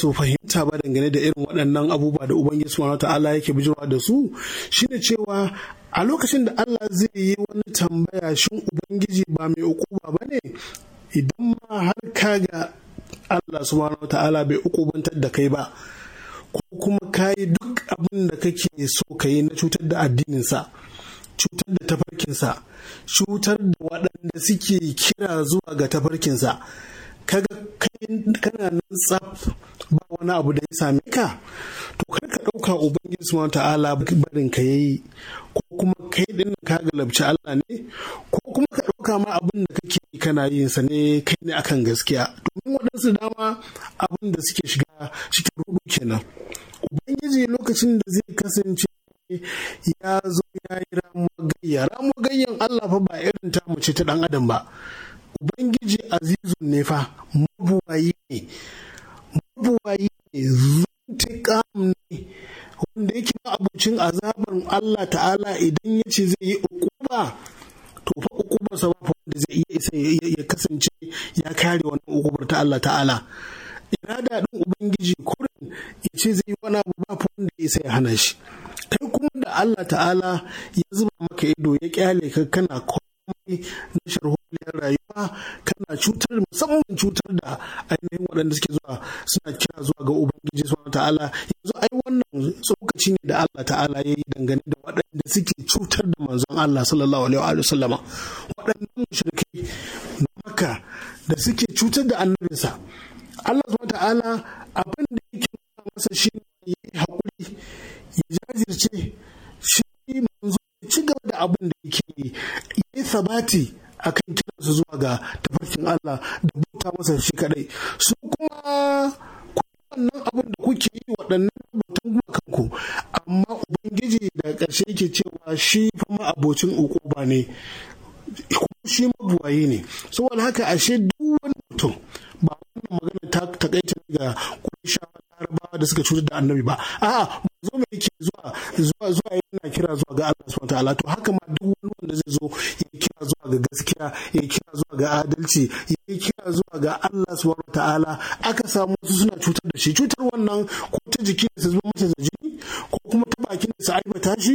su fahimta ba dangane da irin waɗannan abubuwa da ubangiji subhanahu ta'ala yake bijirwa da su shine cewa a lokacin da Allah zai yi wani tambaya shin ubangiji ba mai ukuba ba ne idan ma har ka ga Allah subhanahu ta'ala bai ukubantar da kai ba ko kuma ka yi duk abin da kake so ka yi na cutar da addininsa cutar da tafarkinsa cutar da waɗanda suke kira zuwa ga tafarkinsa kaga kai kana nan tsaf wani abu da ya same ka to kar ka ɗauka ubangiji wata Ala barin ka yayi ko kuma kai din ka galabci Allah ne ko kuma ka ɗauka ma abin da kake kana yin sa ne kai ne akan gaskiya domin waɗansu dama abin da suke shiga cikin rudu kenan ubangiji lokacin da zai kasance ya zo ya yi gayya, ramu gayyan Allah fa ba irin ta mace ta dan adam ba ubangiji azizun ne fa mabuwayi ne mabuwayi ne zuntiƙam ne wanda yake abucin azabar Allah ta'ala idan ya ce zai yi ukuba to fa sa ba wanda zai iya ya kasance ya kare wannan ukubar ta Allah ta'ala ina daɗin ubangiji kurin ya ce zai yi wani abu ba fa wanda ya ya hana shi kai kuma da Allah ta'ala ya zuba maka ido ya kyale ka kana na sharholiyar rayuwa kana cutar musamman cutar da ainihin waɗanda suke zuwa suna kira zuwa ga ubangiji suna ta'ala yanzu ai wannan tsokaci ne da Allah ta'ala ya yi dangane da waɗanda suke cutar da manzon Allah sallallahu alaihi wa sallama waɗannan mushrikai na Makka da suke cutar da annabinsa Allah subhanahu ta'ala abin da yake masa shi ne ya yi haƙuri ya jajirce shi manzon ci gaba da abin da yake yi ya yi sabati a kan kiransu zuwa ga tafarkin Allah da bauta masa shi kadai su kuma wannan abin da kuke yi waɗannan kuma kanku amma ubangiji da ƙarshe yake cewa shi fa uku ba ne shi mabuwayi ne saboda haka ashe duk wani mutum ba wannan magana ta takaita ga sha yarabawa da suka cutar da annabi ba a'a zo mai yake zuwa zuwa zuwa yana kira zuwa ga Allah subhanahu wataala to haka ma duk wani wanda zai zo ya kira zuwa ga gaskiya ya kira zuwa ga adalci ya kira zuwa ga Allah subhanahu wataala aka samu su suna cutar da shi cutar wannan ko ta jiki da su zama masa da jini ko kuma ta bakin da su aibata shi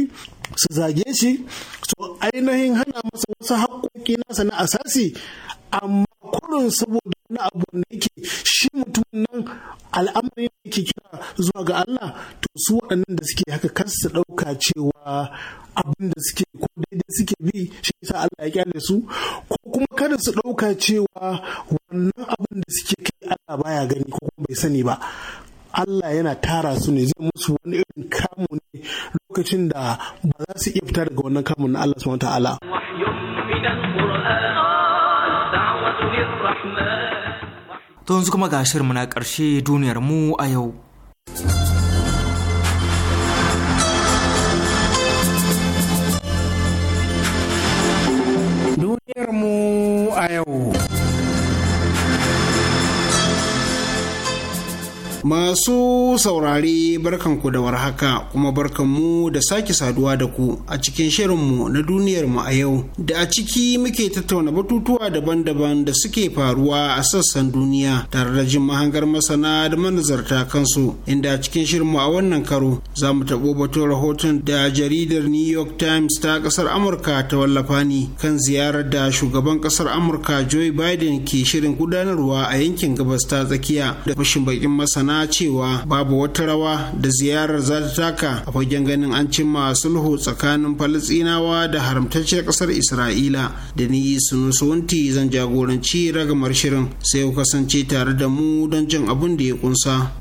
su zage shi su ainihin hana masa wasu haƙoƙi nasa na asasi amma kurin saboda wani abu da yake shi mutumin nan al'amari da yake kira zuwa ga Allah to su waɗannan da suke haka kar su ɗauka cewa abin da suke ko daidai suke bi shi yasa Allah ya kyale su ko kuma kar su ɗauka cewa wannan abin da suke kai Allah baya gani ko kuma bai sani ba Allah yana tara su ne zai musu wani irin kamu ne lokacin da ba za su iya fita daga wannan kamun na Allah subhanahu ta'ala to kuma ga shirin na karshe duniyar mu a yau duniyar mu a yau Masu saurare barkanku da warhaka kuma barkanmu da sake saduwa da ku a cikin shirinmu na duniyarmu a yau da a ciki muke tattauna batutuwa daban-daban da suke faruwa a sassan duniya tare da jin mahangar masana da manazarta kansu inda a cikin shirinmu a wannan karo za mu taɓo batun rahoton da jaridar New York Times ta ƙasar Amurka ta wallafa ni kan ziyarar da shugaban ƙasar Amurka Joe Biden ke shirin gudanarwa a yankin gabas ta tsakiya da fashin bakin masana na cewa babu wata rawa da ziyarar za ta taka a fagen ganin an cimma sulhu tsakanin falisinawa da haramtacciyar kasar Isra'ila da ni Sunusunti zan jagoranci ragamar shirin sai ku kasance tare da mu don jin abin da ya kunsa.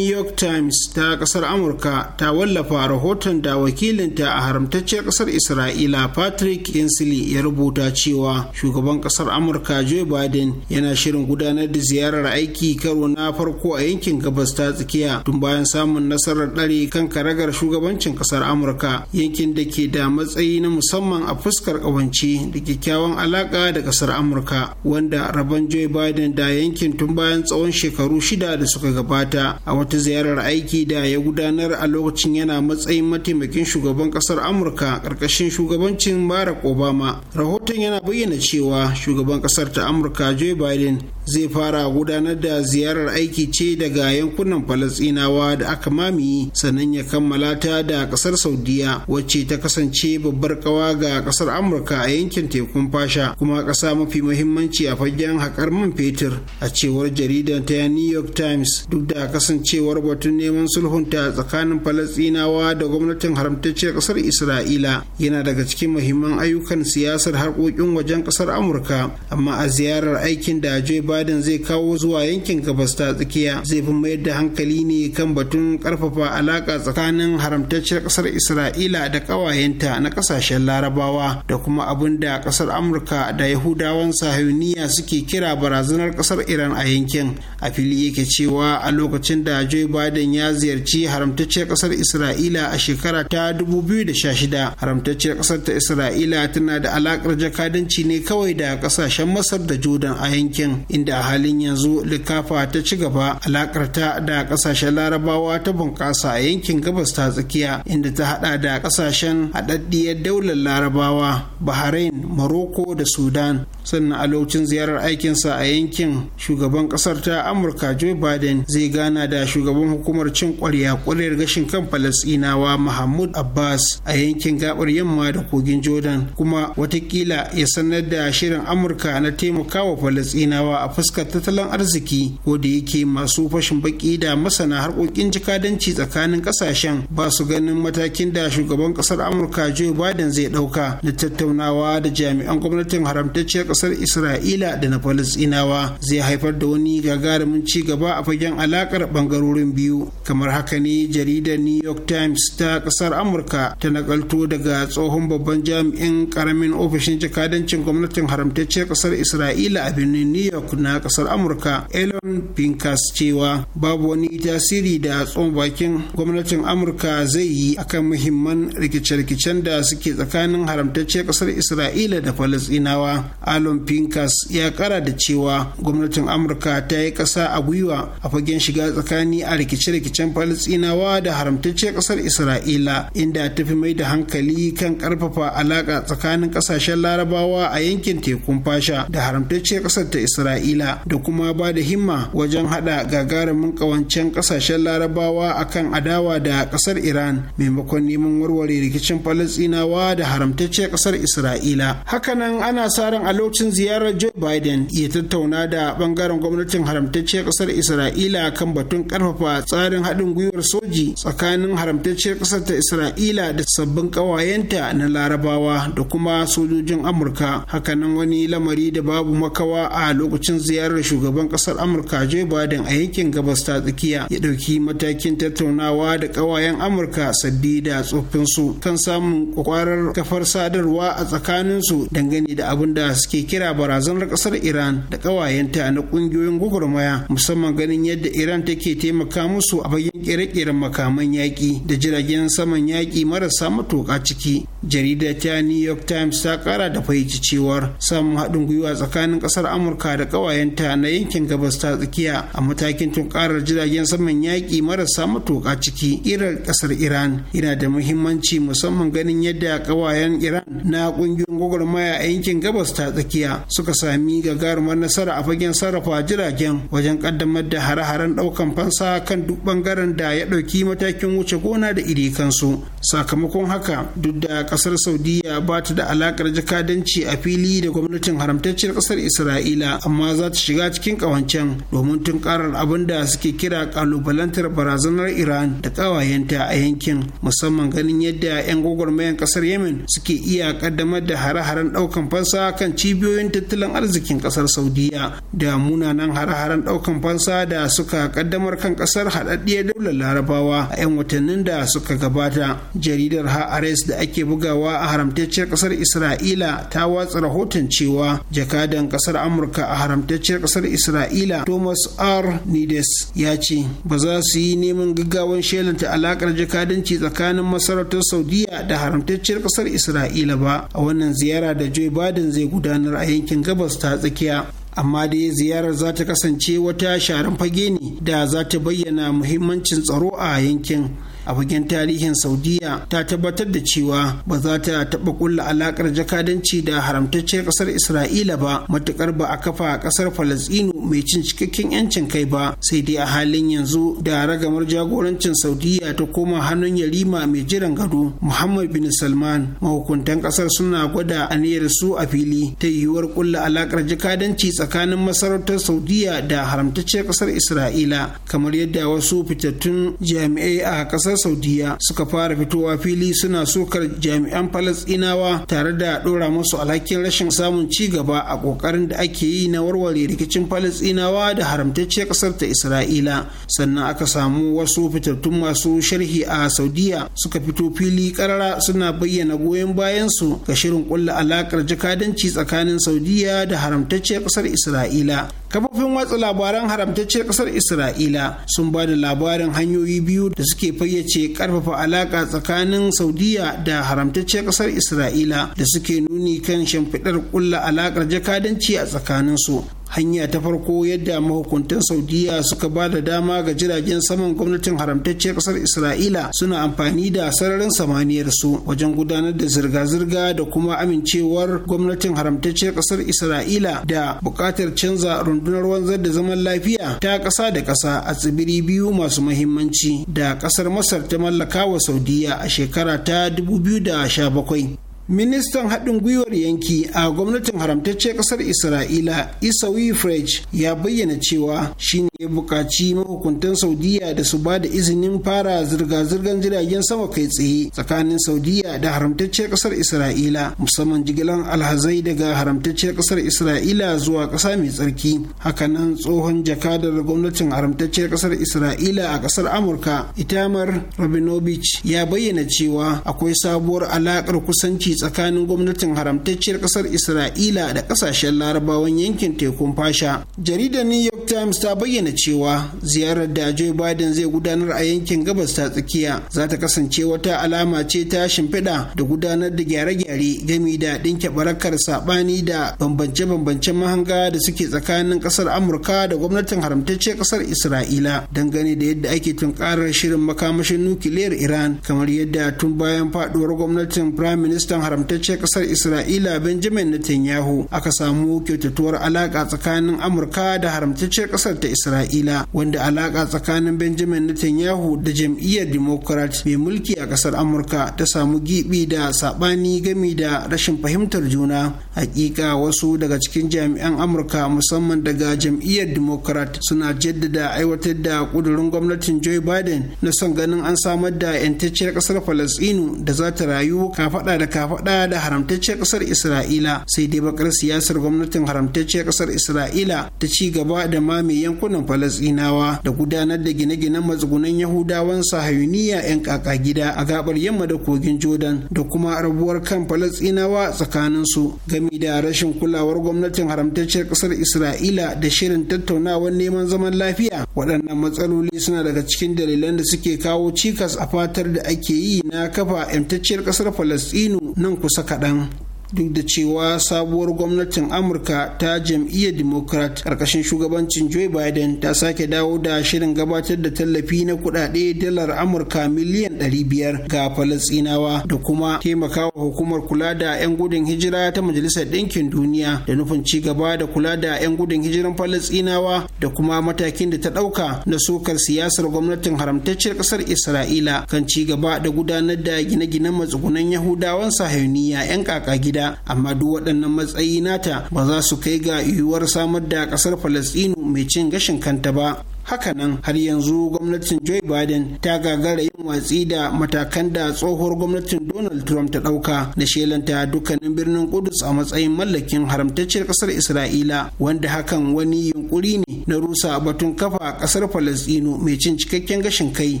york times ta kasar amurka ta wallafa rahoton da wakilinta a haramtacciyar kasar isra'ila patrick hensley ya rubuta cewa shugaban kasar amurka joe biden yana shirin gudanar da ziyarar aiki karo na farko a yankin gabas ta tsakiya tun bayan samun nasarar ɗari kan karagar shugabancin kasar amurka yankin da ke da matsayi na musamman a fuskar ƙawance da kyakkyawan alaƙa da kasar amurka wanda rabon joe biden da yankin tun bayan tsawon shekaru shida da suka gabata a wata ziyarar aiki da ya gudanar a lokacin yana matsayin mataimakin shugaban kasar amurka ƙarƙashin shugabancin barack obama rahoton yana bayyana cewa shugaban kasar ta amurka joe biden zai fara gudanar da ziyarar aiki ce daga yankunan falasinawa da aka mamaye sannan ya kammala ta da kasar saudiya wacce ta kasance babbar kawa ga kasar amurka a yankin tekun fasha kuma kasa mafi mahimmanci a fagen haƙar man fetur a cewar jaridar ta new york times duk da kasancewar tattaunawar batun neman sulhunta tsakanin falasinawa da gwamnatin haramtacciyar kasar isra'ila yana daga cikin muhimman ayyukan siyasar harkokin wajen kasar amurka amma a ziyarar aikin da joe biden zai kawo zuwa yankin gabas ta tsakiya zai fi mayar da hankali ne kan batun karfafa alaka tsakanin haramtacciyar kasar isra'ila da kawayenta na kasashen larabawa da kuma abin da kasar amurka da yahudawan sahiyuniya suke kira barazanar kasar iran a yankin a fili yake cewa a lokacin da joe Joe Biden ya ziyarci haramtacciyar ƙasar Isra'ila a shekara ta 2016. Haramtacciyar ƙasar ta Isra'ila tana da alaƙar jakadanci ne kawai da ƙasashen Masar da Jordan a yankin, inda a halin yanzu likafa ta ci gaba alaƙar ta da ƙasashen Larabawa ta bunƙasa a yankin gabas ta tsakiya, inda ta haɗa da ƙasashen haɗaɗɗiyar daular Larabawa, Bahrain, Morocco da Sudan. Sannan a lokacin ziyarar aikinsa a yankin, shugaban ƙasar ta Amurka Joe Biden zai gana da shugaban shugaban hukumar cin kwarya kwarar gashin kan falasinawa mahmud abbas a yankin gabar yamma da kogin jordan kuma watakila ya sanar da shirin amurka na taimakawa falasinawa a fuskar tattalin arziki ko da yake masu fashin baki da masana harkokin jikadanci tsakanin ƙasashen ba su ganin matakin da shugaban ƙasar amurka joe biden zai ɗauka na tattaunawa da jami'an gwamnatin haramtacciyar ƙasar isra'ila da na falasinawa zai haifar da wani gagarumin ci gaba a fagen alakar bangarorin ɓangarorin biyu kamar haka ne jaridar new york times ta ƙasar amurka ta nakalto daga tsohon babban jami'in ƙaramin ofishin jakadancin gwamnatin haramtacce kasar isra'ila a birnin new york na ƙasar amurka elon pinkas cewa babu wani tasiri da tsohon bakin gwamnatin amurka zai yi akan muhimman rikice-rikicen da suke tsakanin haramtacce kasar isra'ila da falasɗinawa alon pinkas ya kara da cewa gwamnatin amurka ta yi ƙasa a gwiwa a fagen shiga tsakani a a rikice-rikicen falisinawa da haramtacce ƙasar Isra'ila inda ta fi mai da hankali kan ƙarfafa alaƙa tsakanin ƙasashen Larabawa a yankin tekun fasha da haramtacce ƙasar ta Isra'ila da kuma ba da himma wajen haɗa gagarumin ƙawancen ƙasashen Larabawa akan adawa da ƙasar Iran maimakon neman warware rikicin Falasɗinawa da haramtacce ƙasar Isra'ila. Hakanan ana sa ran a lokacin ziyarar Joe Biden ya tattauna da ɓangaren gwamnatin haramtacce ƙasar Isra'ila kan batun ƙarfafa karfafa tsarin haɗin gwiwar soji tsakanin haramtacciyar ƙasar ta isra'ila da sabbin ƙawayenta na larabawa da kuma sojojin amurka hakanan wani lamari da babu makawa a lokacin ziyarar shugaban ƙasar amurka joe biden a yankin gabas ta tsakiya ya ɗauki matakin tattaunawa da ƙawayen amurka sabbi da tsoffin su kan samun kwakwarar kafar sadarwa a tsakanin su dangane da abin da suke kira barazanar ƙasar iran da ƙawayenta na ƙungiyoyin gwagwarmaya musamman ganin yadda iran take taimaka taimaka musu a bayan kere-keren makaman yaƙi da jiragen saman yaƙi marasa matuƙa ciki jarida ta new york times ta ƙara da fahimci cewar samun haɗin gwiwa tsakanin ƙasar amurka da ƙawayenta na yankin gabas ta tsakiya a matakin tunkarar jiragen saman yaƙi marasa matuƙa ciki irar ƙasar iran yana da muhimmanci musamman ganin yadda ƙawayen iran na ƙungiyoyin gwagwarmaya a yankin gabas ta tsakiya suka sami gagarumar nasara a fagen sarrafa jiragen wajen ƙaddamar da hare-haren ɗaukan fansa a kan duk ɓangaren da ya ɗauki matakin wuce gona da iri kansu sakamakon haka duk da ƙasar saudiya ba ta da alaƙar jakadanci a fili da gwamnatin haramtacciyar ƙasar isra'ila amma za ta shiga cikin ƙawancen domin tun ƙarar abin da suke kira ƙalubalantar barazanar iran da ƙawayenta a yankin musamman ganin yadda 'yan gwagwarmayan ƙasar yemen suke iya ƙaddamar da hare-haren ɗaukan fansa kan cibiyoyin tattalin arzikin ƙasar saudiya da munanan hare-haren ɗaukan fansa da suka ƙaddamar kan kasar haɗaɗɗiyar daular larabawa a 'yan watannin da suka gabata jaridar ha'ares da ake bugawa a haramtacciyar kasar isra'ila ta watsa rahoton cewa jakadan kasar amurka a haramtacciyar kasar isra'ila thomas r nides ya ce ba za su yi neman gaggawan shelanta alakar jakadanci tsakanin masarautar saudiya da haramtacciyar kasar isra'ila ba a wannan ziyara da joe biden zai gudanar a yankin gabas ta tsakiya amma dai ziyarar za ta kasance wata sharan fage ne da za ta bayyana muhimmancin tsaro a yankin a fagen tarihin saudiya ta tabbatar da cewa ba za ta taɓa kulla alakar jakadanci da haramtacciyar ƙasar isra'ila ba matukar ba a kafa ƙasar falastinu mai cin cikakken yancin kai ba sai dai a halin yanzu da ragamar jagorancin saudiya ta koma hannun yarima mai jiran gado muhammad bin salman mahukuntan ƙasar suna gwada aniyar su a fili ta yiwuwar kulla alakar jakadanci tsakanin masarautar saudiya da haramtacciyar ƙasar isra'ila kamar yadda wasu fitattun jami'ai a ƙasar kasar saudiya suka fara fitowa fili suna sokar jami'an falasɗinawa tare da ɗora musu alhakin rashin samun ci gaba a kokarin da ake yi na warware rikicin falasɗinawa da haramtacce ƙasar ta isra'ila sannan aka samu wasu fitattun masu sharhi a saudiya suka fito fili ƙarara suna bayyana goyon bayansu ga shirin ƙulla alaƙar jakadanci tsakanin saudiya da haramtacce kasar isra'ila kafofin watsa labaran haramtacciyar kasar isra'ila sun ba da labarin hanyoyi biyu da suke fayyace karfafa alaka tsakanin saudiya da haramtacciyar kasar isra'ila da suke nuni kan shimfiɗar kulla alakar jakadanci a tsakanin su hanya ta farko yadda mahukuntan saudiya suka ba da dama ga jiragen saman gwamnatin haramtacciyar kasar isra'ila suna amfani da sararin samaniyar su wajen gudanar da zirga-zirga da kuma amincewar gwamnatin haramtacciyar kasar isra'ila da buƙatar canza rundunar rundunar wanzar da zaman lafiya ta ƙasa da ƙasa a tsibiri biyu masu mahimmanci da ƙasar masar ta mallaka wa saudiya a shekara ta 2017 ministan haɗin gwiwar yanki a gwamnatin haramtacce ƙasar isra'ila isawi frej ya bayyana cewa shine ya buƙaci mahukuntan saudiya da su ba da izinin fara zirga-zirgar jiragen sama kai tsaye tsakanin saudiya da haramtacciyar kasar isra'ila musamman jigilan alhazai daga haramtacciyar kasar isra'ila zuwa kasa mai tsarki hakanan tsohon jakadar gwamnatin haramtacciyar kasar isra'ila a kasar amurka itamar rabinovich ya bayyana cewa akwai sabuwar alaƙar kusanci tsakanin gwamnatin haramtacciyar kasar isra'ila da ƙasashen larabawan yankin tekun fasha jaridar new york times ta bayyana cewa ziyarar da Joe Biden zai gudanar a yankin gabas ta tsakiya za ta kasance wata alama ce ta shimfiɗa da gudanar da gyare-gyare gami da ɗinke barakar saɓani da bambance-bambancen mahanga da suke tsakanin ƙasar Amurka da gwamnatin haramtacce ƙasar Isra'ila dangane da yadda ake tunkarar shirin makamashin nukiliyar Iran kamar yadda tun bayan faɗuwar gwamnatin Firayim Ministan haramtacce ƙasar Isra'ila Benjamin Netanyahu aka samu kyautatuwar alaƙa tsakanin Amurka da haramtacce ƙasar ta Isra'ila. isra'ila wanda alaka tsakanin benjamin netanyahu da jam'iyyar democrat mai mulki a kasar amurka ta samu gibi da saɓani gami da rashin fahimtar juna hakika wasu daga cikin jami'an amurka musamman daga jam'iyyar democrat suna jaddada aiwatar da ƙudurin gwamnatin joe biden na son ganin an samar da 'yantacciyar kasar falastinu da za ta rayu kafaɗa da kafaɗa da haramtacciyar kasar isra'ila sai dai bakar siyasar gwamnatin haramtacciyar kasar isra'ila ta ci gaba da mame yankunan falasinawa da gudanar da gine-ginen matsugunan yahudawan sahayuniya 'yan kaka gida a gabar yamma da kogin jordan da kuma rabuwar kan falasinawa su gami da rashin kulawar gwamnatin haramtacciyar kasar isra'ila da shirin tattaunawar neman zaman lafiya waɗannan matsaloli suna daga cikin dalilan da suke kawo cikas a fatar da ake yi na kafa 'yantacciyar kasar falasinu nan kusa kaɗan duk da cewa sabuwar gwamnatin amurka ta jam'iyyar democrat karkashin shugabancin joe biden ta sake dawo da shirin gabatar da tallafi na kudade dalar amurka miliyan 500 ga falasinawa da kuma taimakawa hukumar kula da 'yan gudun hijira ta majalisar ɗinkin duniya da nufin ci gaba da kula da 'yan gudun hijiran falasinawa da kuma matakin da ta ɗauka na sokar siyasar gwamnatin haramtacciyar ƙasar isra'ila kan ci gaba da gudanar da gine-ginen matsugunan yahudawan sahiyoniya 'yan kaka gida ɗaya amma duk waɗannan matsayi nata ba za su kai ga yiwuwar samar da ƙasar falastinu mai cin gashin kanta ba hakanan har yanzu gwamnatin joe biden ta gagara yin watsi da matakan da tsohuwar gwamnatin donald trump ta ɗauka na shelanta dukkanin birnin kudus a matsayin mallakin haramtacciyar ƙasar isra'ila wanda hakan wani yunkuri ne na rusa batun kafa a ƙasar falastinu mai cin cikakken gashin kai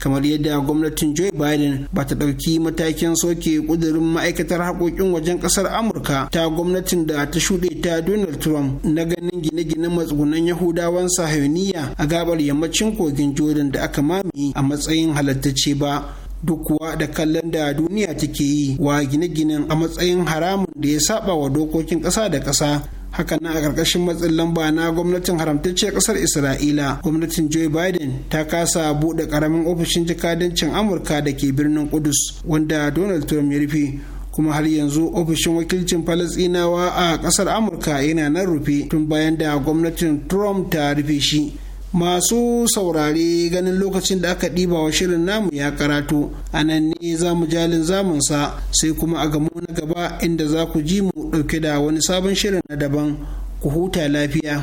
kamar yadda gwamnatin joe biden ba ta ɗauki matakin soke ƙudurin ma'aikatar haƙoƙin wajen ƙasar amurka ta gwamnatin da ta shuɗe ta donald trump na ganin gine gine matsugunan yahudawan sahiyoniya a gaba gabar yammacin kogin jordan da aka mamaye a matsayin halattacce ba duk kuwa da kallon da duniya take yi wa gine-ginen a matsayin haramun da ya saba wa dokokin ƙasa da ƙasa haka na a ƙarƙashin matsin lamba na gwamnatin haramtacce ƙasar isra'ila gwamnatin joe biden ta kasa buɗe ƙaramin ofishin jikadancin amurka da ke birnin kudus wanda donald trump ya rufe kuma har yanzu ofishin wakilcin falasinawa a ƙasar amurka yana nan rufe tun bayan da gwamnatin trump ta rufe shi masu saurare ganin lokacin da aka ɗiba wa shirin namu ya karatu a nan ne za mu jalin zamunsa sai kuma a gamu na gaba inda za ku ji mu ɗauke da wani sabon shirin na daban ku huta lafiya.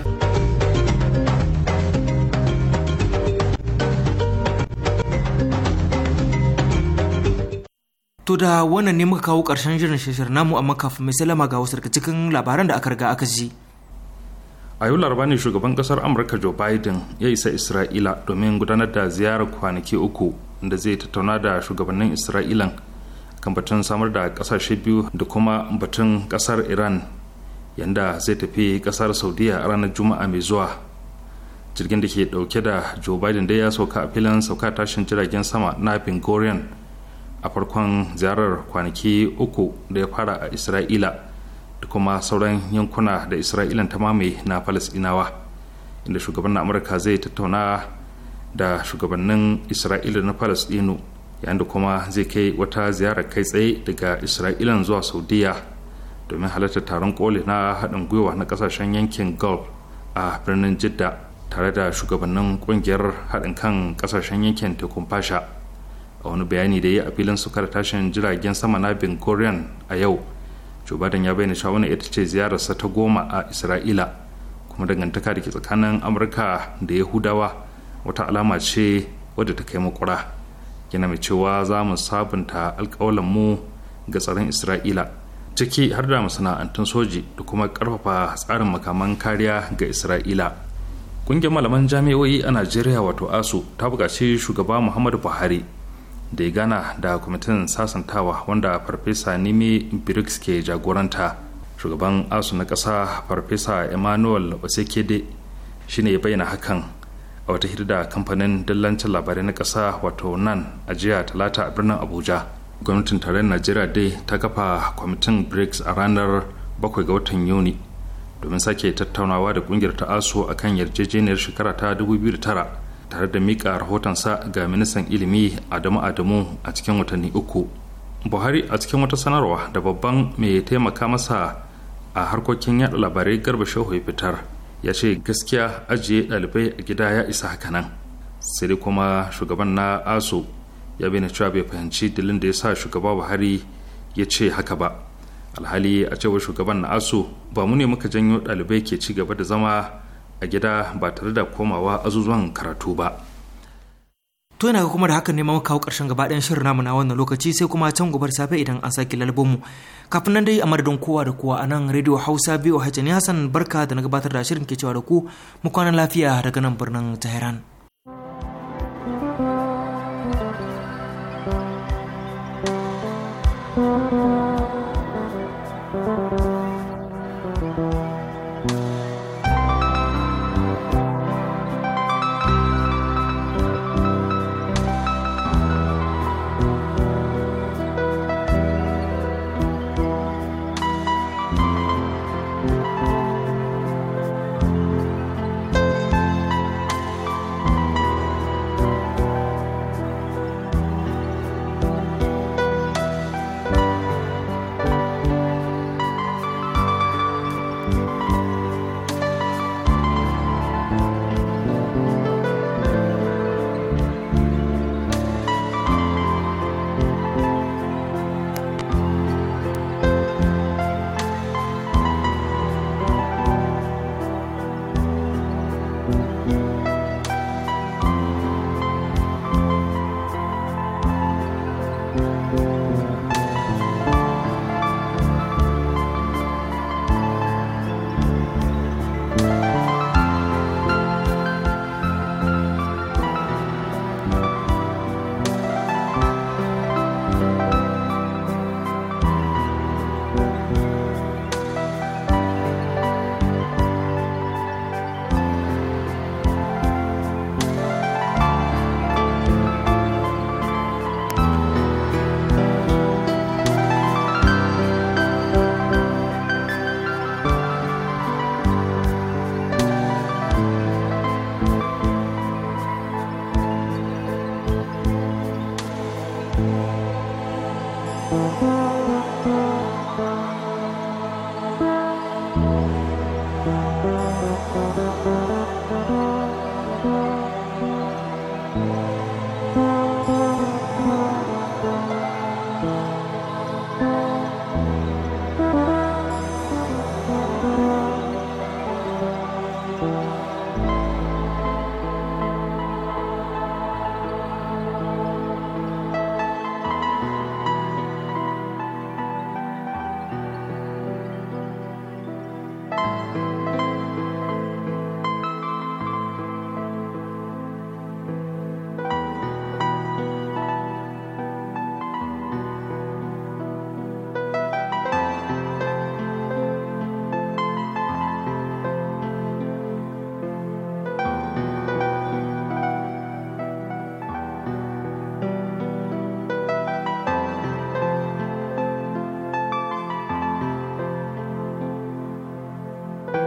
To da wannan ne muka kawo ƙarshen jirin shirin namu amma kafin mai salama ga wasu daga cikin labaran da aka riga aka ji. a yau laraba ne shugaban kasar amurka joe biden ya isa isra'ila domin gudanar da ziyarar kwanaki uku da zai tattauna da shugabannin isra'ilan kan batun samar da kasashe biyu da kuma batun kasar iran yadda zai tafi kasar saudiya ranar juma'a mai zuwa jirgin da ke dauke da joe biden dai ya sauka a filin sauka tashin jiragen sama na bingorian a farkon ziyarar kwanaki uku da ya fara a isra'ila da kuma sauran yankuna da isra'ila ta mamaye na falasɗinawa inda shugaban amurka zai tattauna da shugabannin isra'ila na falasɗinu yayin da kuma zai kai wata ziyara kai tsaye daga isra'ila zuwa saudiya domin halartar taron koli na haɗin gwiwa na ƙasashen yankin gulf a birnin jidda tare da shugabannin ƙungiyar haɗin kan ƙasashen yankin tekun fasha a wani bayani da ya a filin sukar tashin jiragen sama na bin a yau joe biden ya bayyana cewa wannan ita ce ziyararsa ta goma a isra'ila kuma dangantaka da ke tsakanin amurka da yahudawa wata alama ce wadda ta kai makura yana mai cewa za mu sabunta mu ga tsaron isra'ila ciki har da masana'antun soji da kuma karfafa tsarin makaman kariya ga isra'ila ƙungiyar malaman jami'o'i a najeriya wato asu ta buƙaci shugaba muhammadu buhari da ya gana da kwamitin sasantawa wanda farfesa nimi briggs ke jagoranta shugaban asu na ƙasa farfesa emmanuel osekede shine ya bayyana hakan a wata da kamfanin dillancin labarai na ƙasa wato nan a jiya talata a birnin abuja gwamnatin tarayyar najeriya dai ta kafa kwamitin brics a ranar 7 ga watan yuni domin sake tattaunawa da kungiyar ta aso akan yarjejeniyar shekara ta 2009 tare da mika rahotonsa ga ministan ilimi adamu adamu a cikin watanni uku buhari a cikin wata sanarwa da babban mai taimaka masa a harkokin yada labarai garba shehu ya fitar ya ce gaskiya ajiye ɗalibai a gida ya isa haka nan sai dai kuma shugaban na aso ya bayyana cewa bai fahimci dalilin da ya sa shugaba buhari ya ce haka ba alhali a cewar shugaban na aso ba mu ne muka janyo ɗalibai ke ci gaba da zama a gida ba tare da komawa azuzuwan karatu ba to yana kuma da hakan ne muka kawo karshen gaba ɗayan shirin namu na wannan lokaci sai kuma can gobar safe idan an sake lalbomu kafin nan dai a madadin kowa da kowa a nan rediyo hausa biyu hajjani e hassan barka da na gabatar da shirin ke cewa da ku mu lafiya daga nan birnin tehran